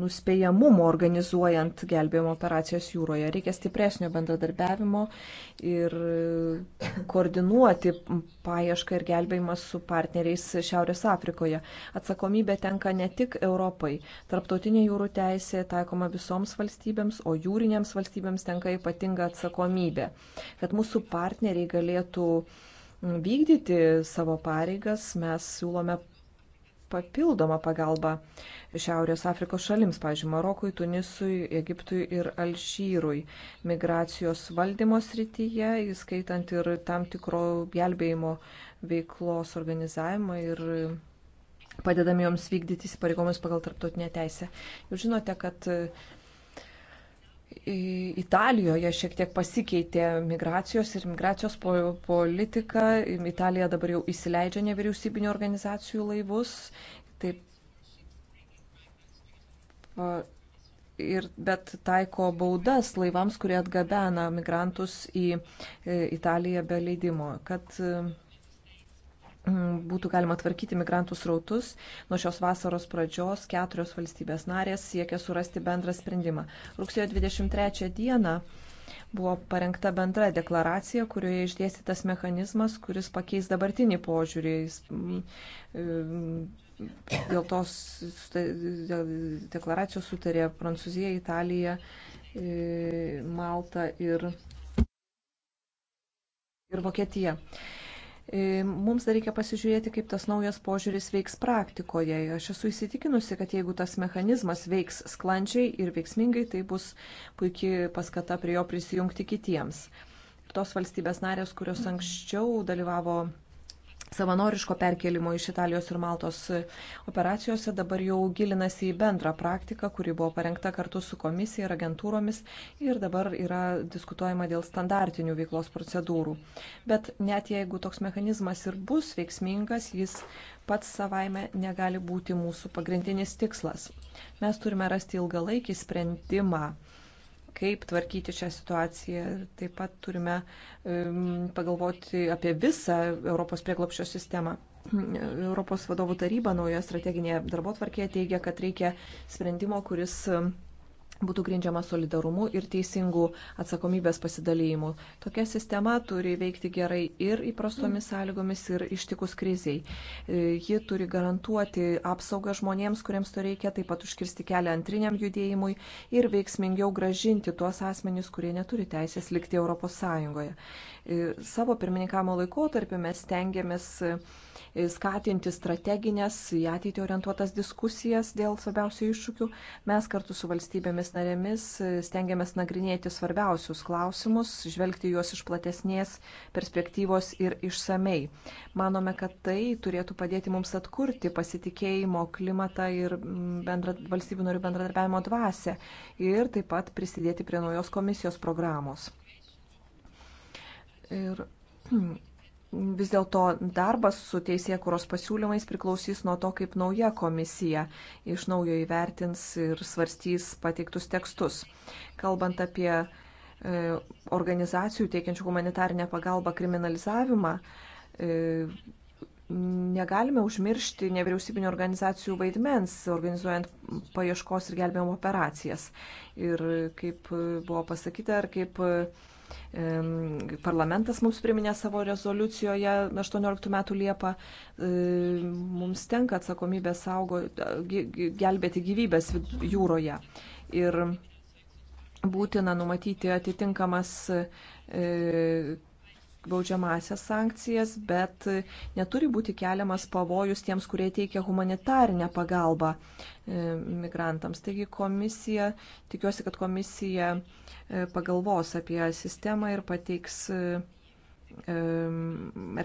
nuspėjamumo organizuojant gelbėjimo operacijas jūroje. Reikia stipresnio bendradarbiavimo ir koordinuoti paiešką ir gelbėjimą su partneriais Šiaurės Afrikoje. Atsakomybė tenka ne tik Europai. Tarptautinė jūrų teisė taikoma visoms valstybėms, o jūrinėms valstybėms tenka ypatinga atsakomybė, kad mūsų partneriai galėtų vykdyti savo pareigas, mes siūlome papildomą pagalbą Šiaurės Afrikos šalims, pažiūrėjau, Marokui, Tunisui, Egiptui ir Alžyrui, migracijos valdymo srityje, įskaitant ir tam tikro gelbėjimo veiklos organizavimą ir padedami joms vykdyti įsipareigomus pagal tarptautinę teisę. Jūs žinote, kad Italijoje šiek tiek pasikeitė migracijos ir migracijos politika. Italija dabar jau įsileidžia nevyriausybinio organizacijų laivus. Taip. Ir, bet taiko baudas laivams, kurie atgabena migrantus į Italiją be leidimo, kad būtų galima tvarkyti migrantų srautus. Nuo šios vasaros pradžios keturios valstybės narės siekia surasti bendrą sprendimą. Rugsėjo 23 dieną buvo parengta bendra deklaracija, kurioje išdėstytas mechanizmas, kuris pakeis dabartinį požiūrį. Dėl tos dėl deklaracijos sutarė Prancūzija, Italija, e, Malta ir, ir Vokietija. E, mums dar reikia pasižiūrėti, kaip tas naujas požiūris veiks praktikoje. Aš esu įsitikinusi, kad jeigu tas mechanizmas veiks sklandžiai ir veiksmingai, tai bus puikiai paskata prie jo prisijungti kitiems. Ir tos valstybės narės, kurios anksčiau dalyvavo savanoriško perkelimo iš Italijos ir Maltos operacijose dabar jau gilinasi į bendrą praktiką, kuri buvo parengta kartu su komisija ir agentūromis ir dabar yra diskutuojama dėl standartinių veiklos procedūrų. Bet net jeigu toks mechanizmas ir bus veiksmingas, jis pats savaime negali būti mūsų pagrindinis tikslas. Mes turime rasti ilgalaikį sprendimą kaip tvarkyti šią situaciją. Ir taip pat turime pagalvoti apie visą Europos prieglopščio sistemą. Europos vadovų taryba naujoje strateginėje darbo tvarkėje teigia, kad reikia sprendimo, kuris būtų grindžiama solidarumu ir teisingų atsakomybės pasidalymu. Tokia sistema turi veikti gerai ir įprastomis sąlygomis, ir ištikus kriziai. E, ji turi garantuoti apsaugą žmonėms, kuriems to reikia, taip pat užkirsti kelią antriniam judėjimui ir veiksmingiau gražinti tuos asmenys, kurie neturi teisės likti ES. E, savo pirmininkamo laikotarpiu mes tengiamės e, skatinti strateginės, į ateitį orientuotas diskusijas dėl svarbiausių iššūkių. Mes kartu su valstybėmis narėmis e, stengiamės nagrinėti svarbiausius klausimus, žvelgti juos iš platesnės perspektyvos ir išsamei. Manome, kad tai turėtų padėti mums atkurti pasitikėjimo klimatą ir bendra, valstybių narių bendradarbiavimo dvasę ir taip pat prisidėti prie naujos komisijos programos. Ir vis dėlto darbas su teisėkuros pasiūlymais priklausys nuo to, kaip nauja komisija iš naujo įvertins ir svarstys pateiktus tekstus. Kalbant apie e, organizacijų teikiančių humanitarinę pagalbą kriminalizavimą, e, negalime užmiršti nevyriausybinio organizacijų vaidmens, organizuojant paieškos ir gelbėjimo operacijas. Ir kaip buvo pasakyta, ar kaip Parlamentas mums priminė savo rezoliucijoje 18 metų Liepą. Mums tenka atsakomybė saugo, gelbėti gyvybės jūroje. Ir būtina numatyti atitinkamas e, baudžiamasias sankcijas, bet neturi būti keliamas pavojus tiems, kurie teikia humanitarinę pagalbą e, migrantams. Taigi komisija, tikiuosi, kad komisija e, pagalvos apie sistemą ir pateiks e,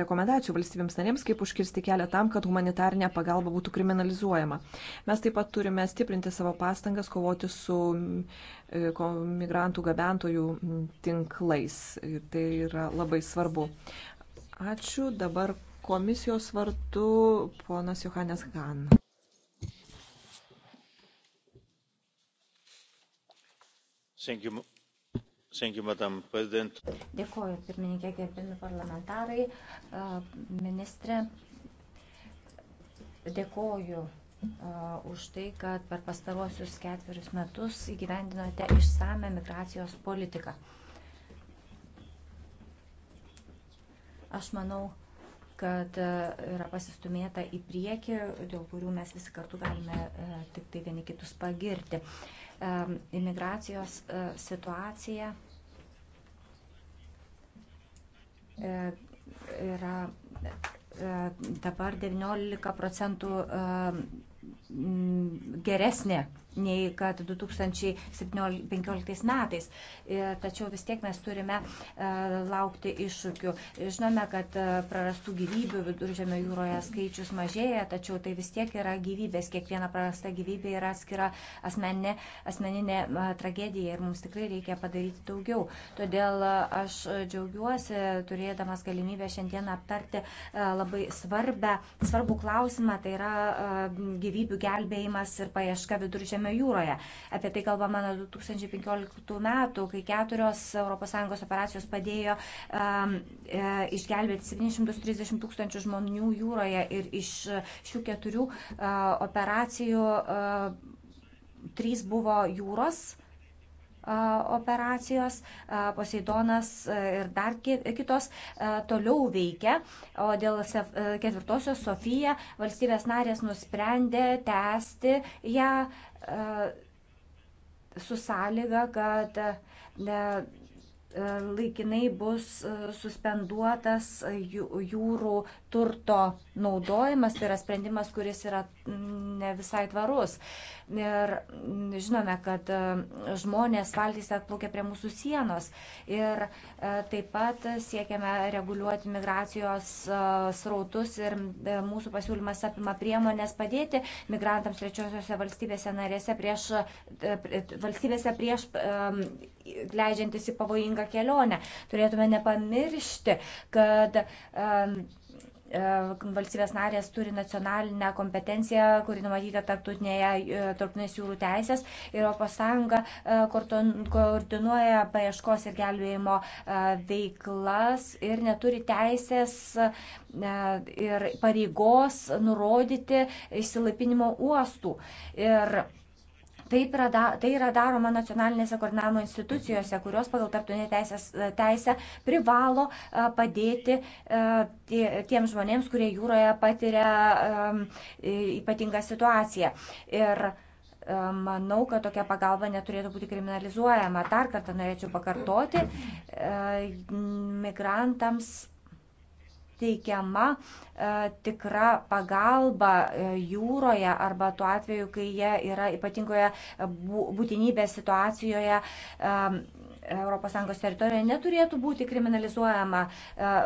rekomendacijų valstybėms narėms, kaip užkirsti kelią tam, kad humanitarinė pagalba būtų kriminalizuojama. Mes taip pat turime stiprinti savo pastangas kovoti su e, migrantų gabentojų tinklais. Tai yra labai svarbu. Ačiū. Dabar komisijos vardu ponas Johannes Gan. Thank you. Dėkuoju, pirmininkė, gerbimi parlamentarai, ministrė. Dėkuoju už tai, kad per pastaruosius ketverius metus įgyvendinote išsame migracijos politiką. Aš manau, kad yra pasistumėta į priekį, dėl kurių mes visi kartu galime tik tai vieni kitus pagirti. Imigracijos situacija E, yra e, dabar 19 procentų e, geresnė nei kad 2015 metais. E, tačiau vis tiek mes turime e, laukti iššūkių. Žinome, kad e, prarastų gyvybių viduržėmio jūroje skaičius mažėja, tačiau tai vis tiek yra gyvybės. Kiekviena prarasta gyvybė yra atskira asmeninė, asmeninė tragedija ir mums tikrai reikia padaryti daugiau. Todėl aš džiaugiuosi turėdamas galimybę šiandien aptarti labai svarbę, svarbų klausimą, tai yra gyvybių gelbėjimas ir paieška viduržėmio viduržėme jūroje. Apie tai kalbama nuo 2015 metų, kai keturios ES operacijos padėjo um, e, išgelbėti 730 tūkstančių žmonių jūroje ir iš šių keturių uh, operacijų uh, trys buvo jūros operacijos, Poseidonas e, ir dar kitos e, toliau veikia, o dėl e, ketvirtosios Sofija valstybės narės nusprendė tęsti ją su sąlyga, kad E, laikinai bus e, suspenduotas jūrų turto naudojimas, tai yra sprendimas, kuris yra ne visai tvarus. Ir žinome, kad e, žmonės valtys atplaukia prie mūsų sienos. Ir taip pat siekiame reguliuoti migracijos srautus ir mūsų pasiūlymas apima priemonės padėti migrantams trečiosiuose valstybėse narėse prieš, valstybėse prieš leidžiantis į pavojingą kelionę. Turėtume nepamiršti, kad um, valstybės narės turi nacionalinę kompetenciją, kuri numatyta tarptautinėje e, tarptautinės jūrų teisės ir ES koordinuoja paieškos ir gelbėjimo e, veiklas ir neturi teisės e, ir pareigos nurodyti išsilaipinimo uostų. Ir Taip yra da, tai yra daroma nacionalinėse koordinavimo institucijose, kurios pagal tarptautinę teisę privalo e, padėti e, tiems žmonėms, kurie jūroje patiria e, ypatingą situaciją. Ir manau, kad tokia pagalba neturėtų būti kriminalizuojama. Dar kartą norėčiau pakartoti, migrantams teikiama e, tikra pagalba e, jūroje arba tuo atveju, kai jie yra ypatingoje e, būtinybės situacijoje. ES teritorija neturėtų būti kriminalizuojama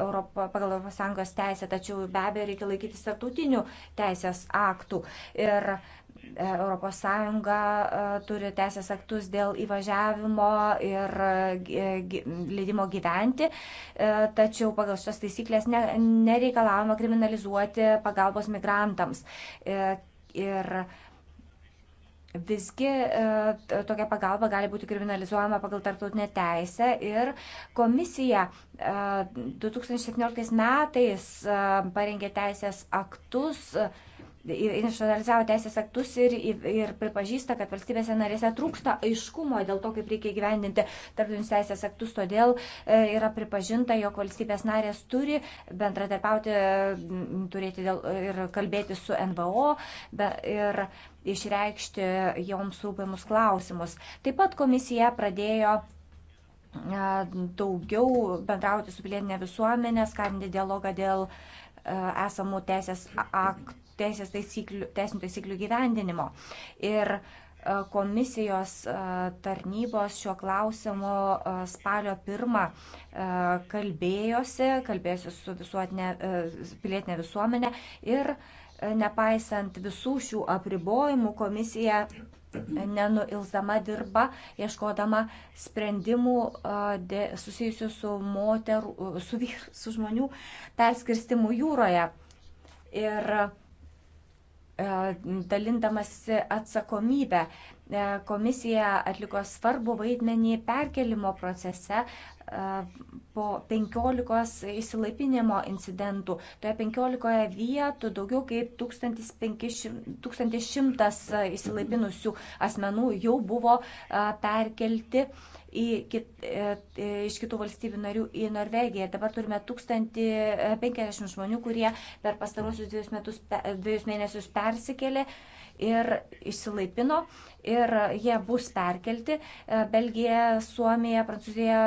Europa, pagal ES teisę, tačiau be abejo reikia laikytis tarptautinių teisės aktų. Ir ES e, turi teisės aktus dėl įvažiavimo ir e, leidimo gyventi, e, tačiau pagal šios taisyklės nereikalavama kriminalizuoti pagalbos migrantams. Ir Visgi tokia pagalba gali būti kriminalizuojama pagal tarptautinę teisę ir komisija 2017 metais parengė teisės aktus išanalizavo teisės aktus ir, ir pripažįsta, kad valstybėse narėse trūksta aiškumo dėl to, kaip reikia gyvendinti tarptautinius teisės aktus. Todėl e, yra pripažinta, jog valstybės narės turi bendradarbiauti, turėti dėl, ir kalbėti su NVO be, ir išreikšti joms rūpimus klausimus. Taip pat komisija pradėjo e, daugiau bendrauti su pilietinė visuomenė, skatinti dialogą dėl e, esamų teisės aktų teisės taisyklių, teisinių taisyklių gyvendinimo. Ir e, komisijos e, tarnybos šiuo klausimu e, spalio pirmą kalbėjosi, kalbėjosi su visuotinė, pilietinė visuomenė ir nepaisant visų šių apribojimų komisija nenuilzama dirba, ieškodama sprendimų susijusių su, moterų, su, vyr, su žmonių perskirstimu jūroje. Ir E, dalindamasi atsakomybę. E, komisija atliko svarbu vaidmenį perkelimo procese e, po 15 įsilaipinimo incidentų. Toje 15 vietų daugiau kaip 1100 įsilaipinusių asmenų jau buvo perkelti kit, e, e, iš kitų valstybių narių į Norvegiją. Dabar turime 1050 e, žmonių, kurie per pastarosius dviejus, metus, dviejus mėnesius persikėlė ir išsilaipino ir jie bus perkelti. Belgija, Suomija, Prancūzija,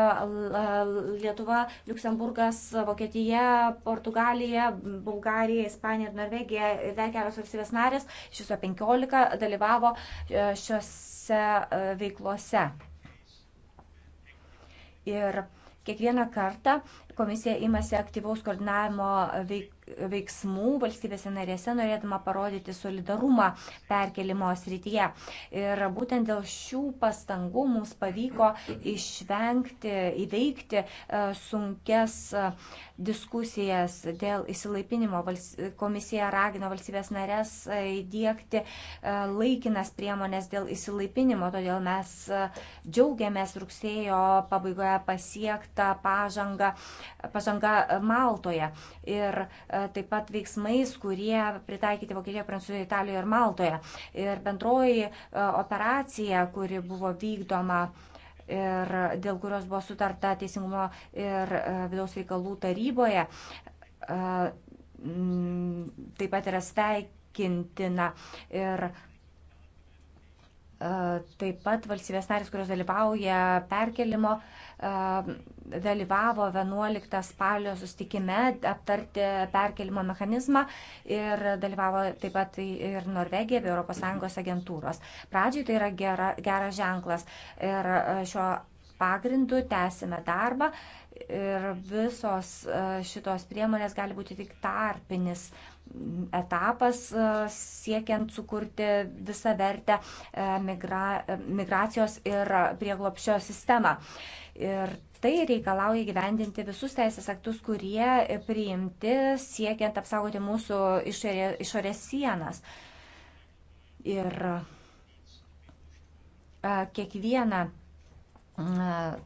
Lietuva, Luksemburgas, Vokietija, Portugalija, Bulgarija, Ispanija ir Norvegija ir dar kelios valstybės narės, iš viso 15 dalyvavo šiuose veiklose. Ir kiekvieną kartą Komisija imasi aktyvaus koordinavimo veik, veiksmų valstybėse narėse, norėdama parodyti solidarumą perkelimo srityje. Ir būtent dėl šių pastangų mums pavyko išvengti, įveikti e, sunkes e, diskusijas dėl įsilaipinimo. Komisija ragino valstybės narės e, įdėkti laikinas priemonės dėl įsilaipinimo, todėl mes džiaugiamės rugsėjo pabaigoje pasiektą pažangą pažanga Maltoje ir e, taip pat veiksmais, kurie pritaikyti Vokietijoje, Prancūzijoje, Italijoje ir Maltoje. Ir bendroji e, operacija, kuri buvo vykdoma ir dėl kurios buvo sutarta Teisingumo ir e, vidaus reikalų taryboje, taip pat yra sveikintina. Ir taip pat valstybės narės, kurios dalyvauja perkelimo uh, dalyvavo 11 spalio sustikime aptarti perkelimo mechanizmą ir dalyvavo taip pat tai ir Norvegija bei ES agentūros. Pradžiai tai yra gera, geras ženklas ir e, šio pagrindu tęsime darbą ir visos e, šitos priemonės gali būti tik tarpinis uh, etapas e, siekiant sukurti visą vertę e, migra, e, migracijos ir prieglopščio sistemą. Ir tai reikalauja gyvendinti visus teisės aktus, kurie priimti siekiant apsaugoti mūsų išorė, išorės sienas. Ir kiekvieną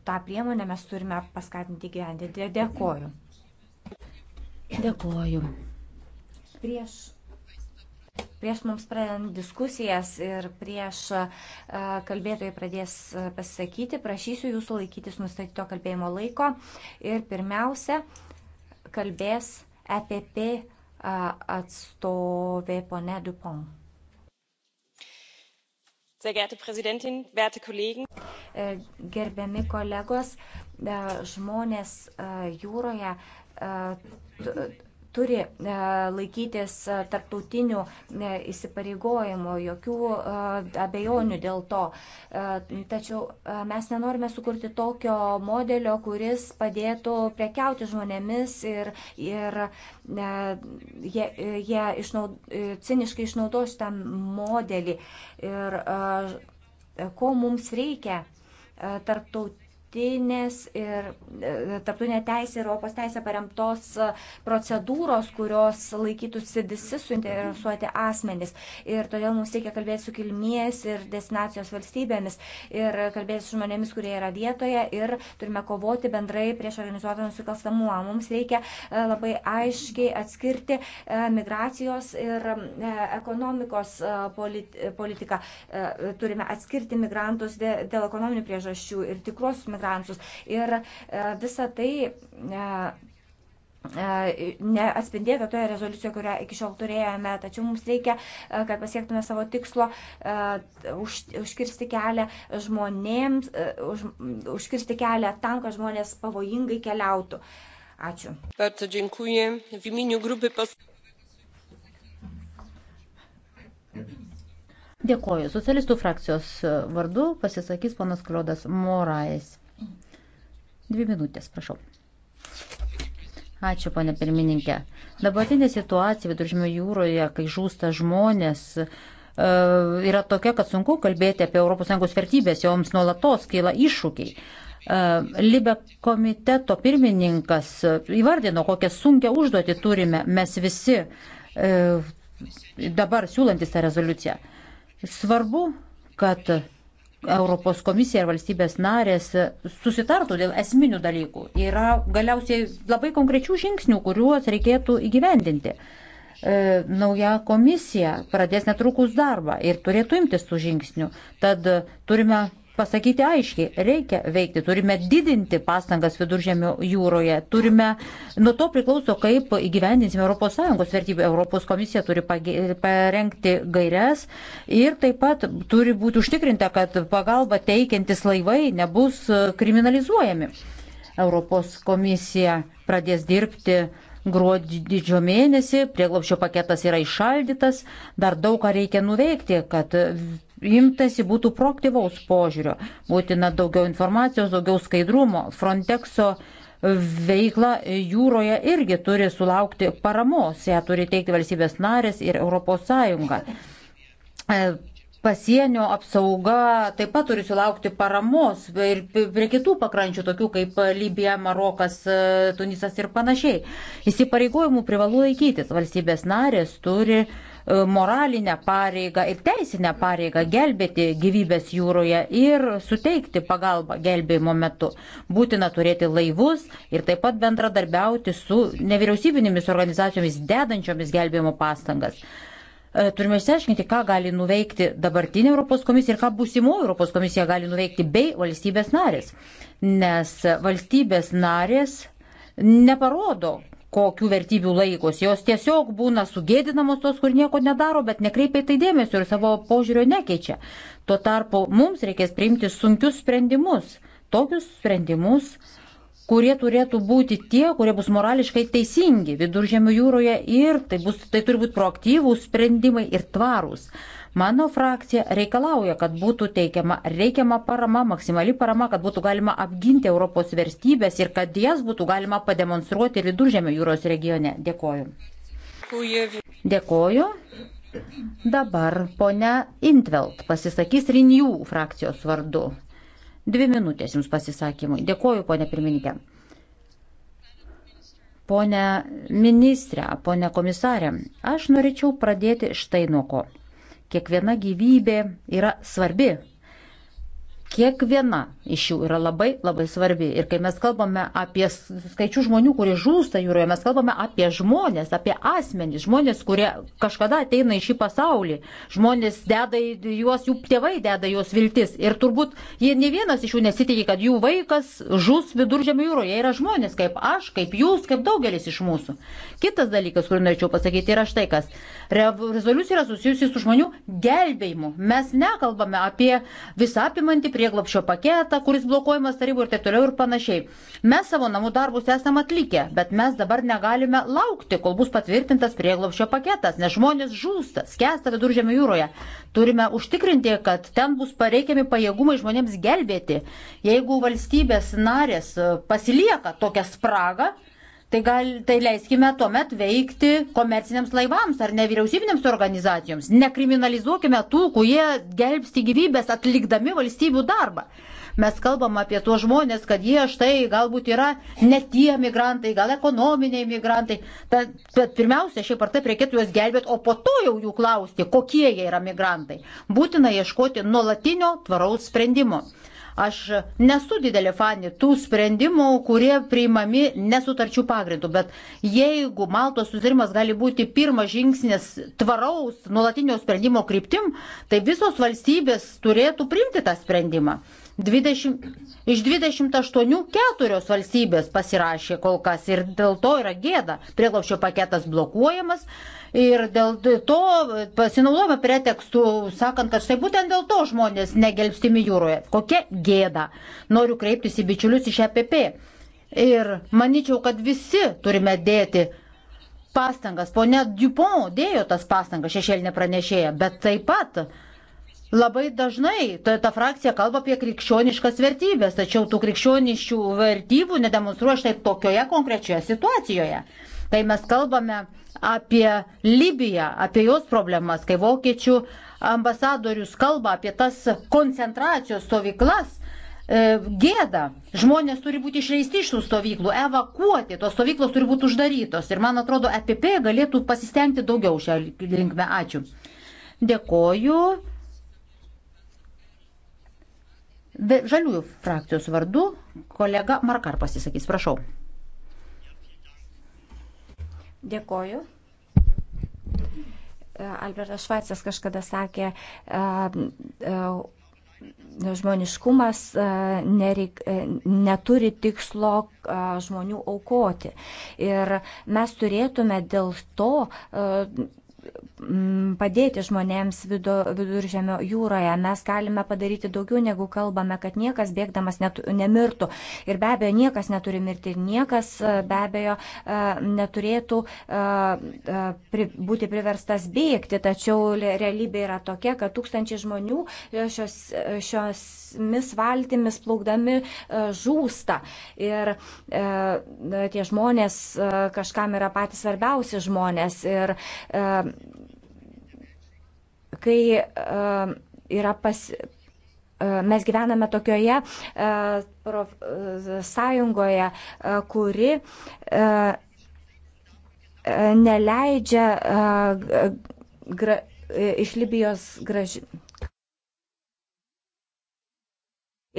tą priemonę mes turime paskatinti gyvendinti. Dėkoju. Dėkoju. Prieš prieš mums pradedant diskusijas ir prieš kalbėtojai pradės pasisakyti, prašysiu jūsų laikytis nustatyto kalbėjimo laiko. Ir pirmiausia, kalbės EPP atstovė ponė Dupont. Sehr geehrte Präsidentin, werte Kollegen. E, gerbiami kolegos, e, žmonės e, jūroje turi e, laikytis e, tarptautinių e, įsipareigojimų, jokių abejonių dėl to. Tačiau mes nenorime sukurti tokio modelio, kuris padėtų prekiauti žmonėmis ir, ir jie, jie išnaud, ciniškai išnaudos šitą modelį. Ir ko mums reikia tarptautinių tarptautinės ir e, tarptautinė teisė ir Europos teisė paremtos procedūros, kurios laikytųsi visi suinteresuoti asmenys. Ir todėl mums reikia kalbėti su kilmės ir destinacijos valstybėmis ir kalbėti su žmonėmis, kurie yra vietoje ir turime kovoti bendrai prieš organizuotą nusikalstamumą. Mums reikia e, labai aiškiai atskirti e, migracijos ir ekonomikos politiką. Turime atskirti migrantus dėl ekonominių priežasčių ir tikros migracijos finansus. Ir e, visa tai e, e, neatspindėta toje rezoliucijoje, kurią iki šiol turėjome, tačiau mums reikia, kad pasiektume savo tikslo už, užkirsti kelią žmonėms, už, užkirsti kelią tam, kad žmonės pavojingai keliautų. Ačiū. Bardzo dziękuję. W imieniu grupy posłów. Dėkoju. Socialistų frakcijos vardu pasisakys ponas Klodas Morais. Dvi minutės, prašau. Ačiū, ponė pirmininkė. Dabartinė situacija viduržmio jūroje, kai žūsta žmonės, e, yra tokia, kad sunku kalbėti apie ES vertybės, joms nuolatos kyla iššūkiai. E, Libe komiteto pirmininkas įvardino, kokią sunkę užduotį turime mes visi e, dabar siūlantis tą rezoliuciją. Svarbu, kad Europos komisija ir valstybės narės susitartų dėl esminių dalykų. Yra galiausiai labai konkrečių žingsnių, kuriuos reikėtų įgyvendinti. E, nauja komisija pradės netrukus darbą ir turėtų imtis tų žingsnių. Tad turime pasakyti aiškiai, reikia veikti, turime didinti pastangas viduržėmio jūroje, turime, nuo to priklauso, kaip įgyvendinsime ES vertybių. Europos komisija turi parengti gairias ir taip pat turi būti užtikrinta, kad pagalba teikiantis laivai nebus e, kriminalizuojami. Europos komisija pradės dirbti gruodžio mėnesį, prieglopščio paketas yra išaldytas, dar daug ką reikia nuveikti, kad imtasi būtų proaktyvaus požiūrio, būtina daugiau informacijos, daugiau skaidrumo. Frontexo veikla jūroje irgi turi sulaukti paramos, ją turi teikti valstybės narės ir ES. Pasienio apsauga taip pat turi sulaukti paramos ir prie kitų pakrančių, tokių kaip Libija, Marokas, e, Tunisas ir panašiai. Įsipareigojimų privalu laikytis. Valstybės narės turi e, moralinę pareigą ir teisinę pareigą gelbėti gyvybės jūroje ir suteikti pagalbą gelbėjimo metu. Būtina turėti laivus ir taip pat bendradarbiauti su nevyriausybinėmis organizacijomis dedančiomis gelbėjimo pastangas. E, turime išsiaiškinti, ką gali nuveikti dabartinė Europos komisija ir ką būsimo Europos komisija gali nuveikti bei valstybės narės. Nes valstybės narės neparodo, kokių vertybių laikos. Jos tiesiog būna sugėdinamos tos, kur nieko nedaro, bet nekreipia tai dėmesio ir savo požiūrio nekeičia. Tuo tarpu mums reikės priimti sunkius sprendimus. Tokius sprendimus, kurie turėtų būti tie, kurie bus morališkai teisingi viduržėmio jūroje ir tai, bus, tai turi būti proaktyvūs sprendimai ir tvarūs. Mano frakcija reikalauja, kad būtų teikiama reikiama parama, maksimali parama, kad būtų galima apginti Europos vertybės ir kad jas būtų galima pademonstruoti viduržėmio jūros regione. Dėkoju. Dėkoju. Dabar ponia Intvelt pasisakys Rinijų frakcijos vardu. Dvi minutės jums pasisakymui. Dėkoju, ponė pirmininkė. Pone ministrė, pone komisarė, aš norėčiau pradėti štai nuo ko. Kiekviena gyvybė yra svarbi Kiekviena iš jų yra labai labai svarbi. Ir kai mes kalbame apie skaičių žmonių, kurie žūsta jūroje, mes kalbame apie žmonės, apie asmenys, žmonės, kurie kažkada ateina į šį pasaulį. Žmonės deda juos, jų tėvai deda juos viltis. Ir turbūt jie ne vienas iš jų nesitikė, kad jų vaikas žus viduržėmio jūroje. Jie yra žmonės, kaip aš, kaip jūs, kaip daugelis iš mūsų. Kitas dalykas, kurį norėčiau pasakyti, yra štai kas. Rezoliucija yra susijusi su žmonių gelbėjimu. Mes nekalbame apie visapimantį prieglopšio paketą, kuris blokuojamas tarybų ir taip toliau ir panašiai. Mes savo namų darbus esame atlikę, bet mes dabar negalime laukti, kol bus patvirtintas prieglopšio paketas, nes žmonės žūsta, skęsta viduržėmio jūroje. Turime užtikrinti, kad ten bus pareikiami pajėgumai žmonėms gelbėti. Jeigu valstybės narės e, pasilieka tokią spragą, tai, gal, tai leiskime tuomet veikti komerciniams laivams ar nevyriausybinėms organizacijoms. Nekriminalizuokime tų, kurie gelbsti gyvybės atlikdami valstybių darbą. Mes kalbam apie tuos žmonės, kad jie štai galbūt yra ne tie migrantai, gal ekonominiai migrantai. Tad, bet pirmiausia, šiaip ar taip reikėtų juos gelbėti, o po to jau jų klausti, kokie jie yra migrantai. Būtina ieškoti nuolatinio tvaraus sprendimo. Aš nesu didelė fani tų sprendimų, kurie priimami nesutarčių pagrindų, bet jeigu Maltos susitarimas gali būti pirmas žingsnis tvaraus nuolatinio sprendimo kryptim, tai visos valstybės turėtų priimti tą sprendimą. 20, iš 28 keturios valstybės pasirašė kol kas ir dėl to yra gėda. Prieglopščio paketas blokuojamas, Ir dėl to pasinaudojama pretekstu, sakant, kad štai būtent dėl to žmonės negelbstimi jūroje. Kokia gėda. Noriu kreiptis į bičiulius iš EPP. Ir manyčiau, kad visi turime dėti pastangas. Pone Dupont dėjo tas pastangas šešėlinė pranešėja, bet taip pat labai dažnai ta, ta frakcija kalba apie krikščioniškas vertybės, tačiau tų krikščioniškų vertybių nedemonstruoja štai tokioje konkrečioje situacijoje kai mes kalbame apie Libiją, apie jos problemas, kai vokiečių ambasadorius kalba apie tas koncentracijos stovyklas, e, gėda. Žmonės turi būti išleisti iš tų stovyklų, evakuoti, tos stovyklos turi būti uždarytos. Ir man atrodo, EPP galėtų pasistengti daugiau šią linkmę. Ačiū. Dėkoju. Žaliųjų frakcijos vardu kolega Markar pasisakys, prašau. Dėkoju. E, Albertas Švaicas kažkada sakė, e, e, žmoniškumas nereik, neturi tikslo žmonių aukoti. Ir mes turėtume dėl to Mm, padėti žmonėms vidu, viduržėmio jūroje. Mes galime padaryti daugiau, negu kalbame, kad niekas bėgdamas net, nemirtų. Ir be abejo, niekas neturi mirti ir niekas e, be abejo e, neturėtų e, būti priverstas bėgti. Tačiau realybė yra tokia, kad tūkstančiai žmonių šios, šios tomis valtimis plaukdami e, žūsta. Ir e, tie žmonės e, kažkam yra patys svarbiausi žmonės. Ir kai yra pas. Mes gyvename tokioje prof, sąjungoje, kuri neleidžia gra, iš Libijos graži,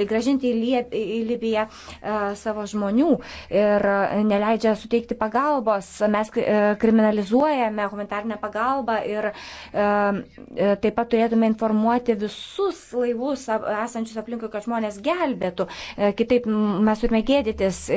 gražinti į, Lieb, į Libiją e, savo žmonių ir e, neleidžia suteikti pagalbos. Mes e, kriminalizuojame humanitarinę pagalbą ir taip pat turėtume informuoti visus laivus esančius aplinkui, kad žmonės gelbėtų. Kitaip mes turime gėdytis.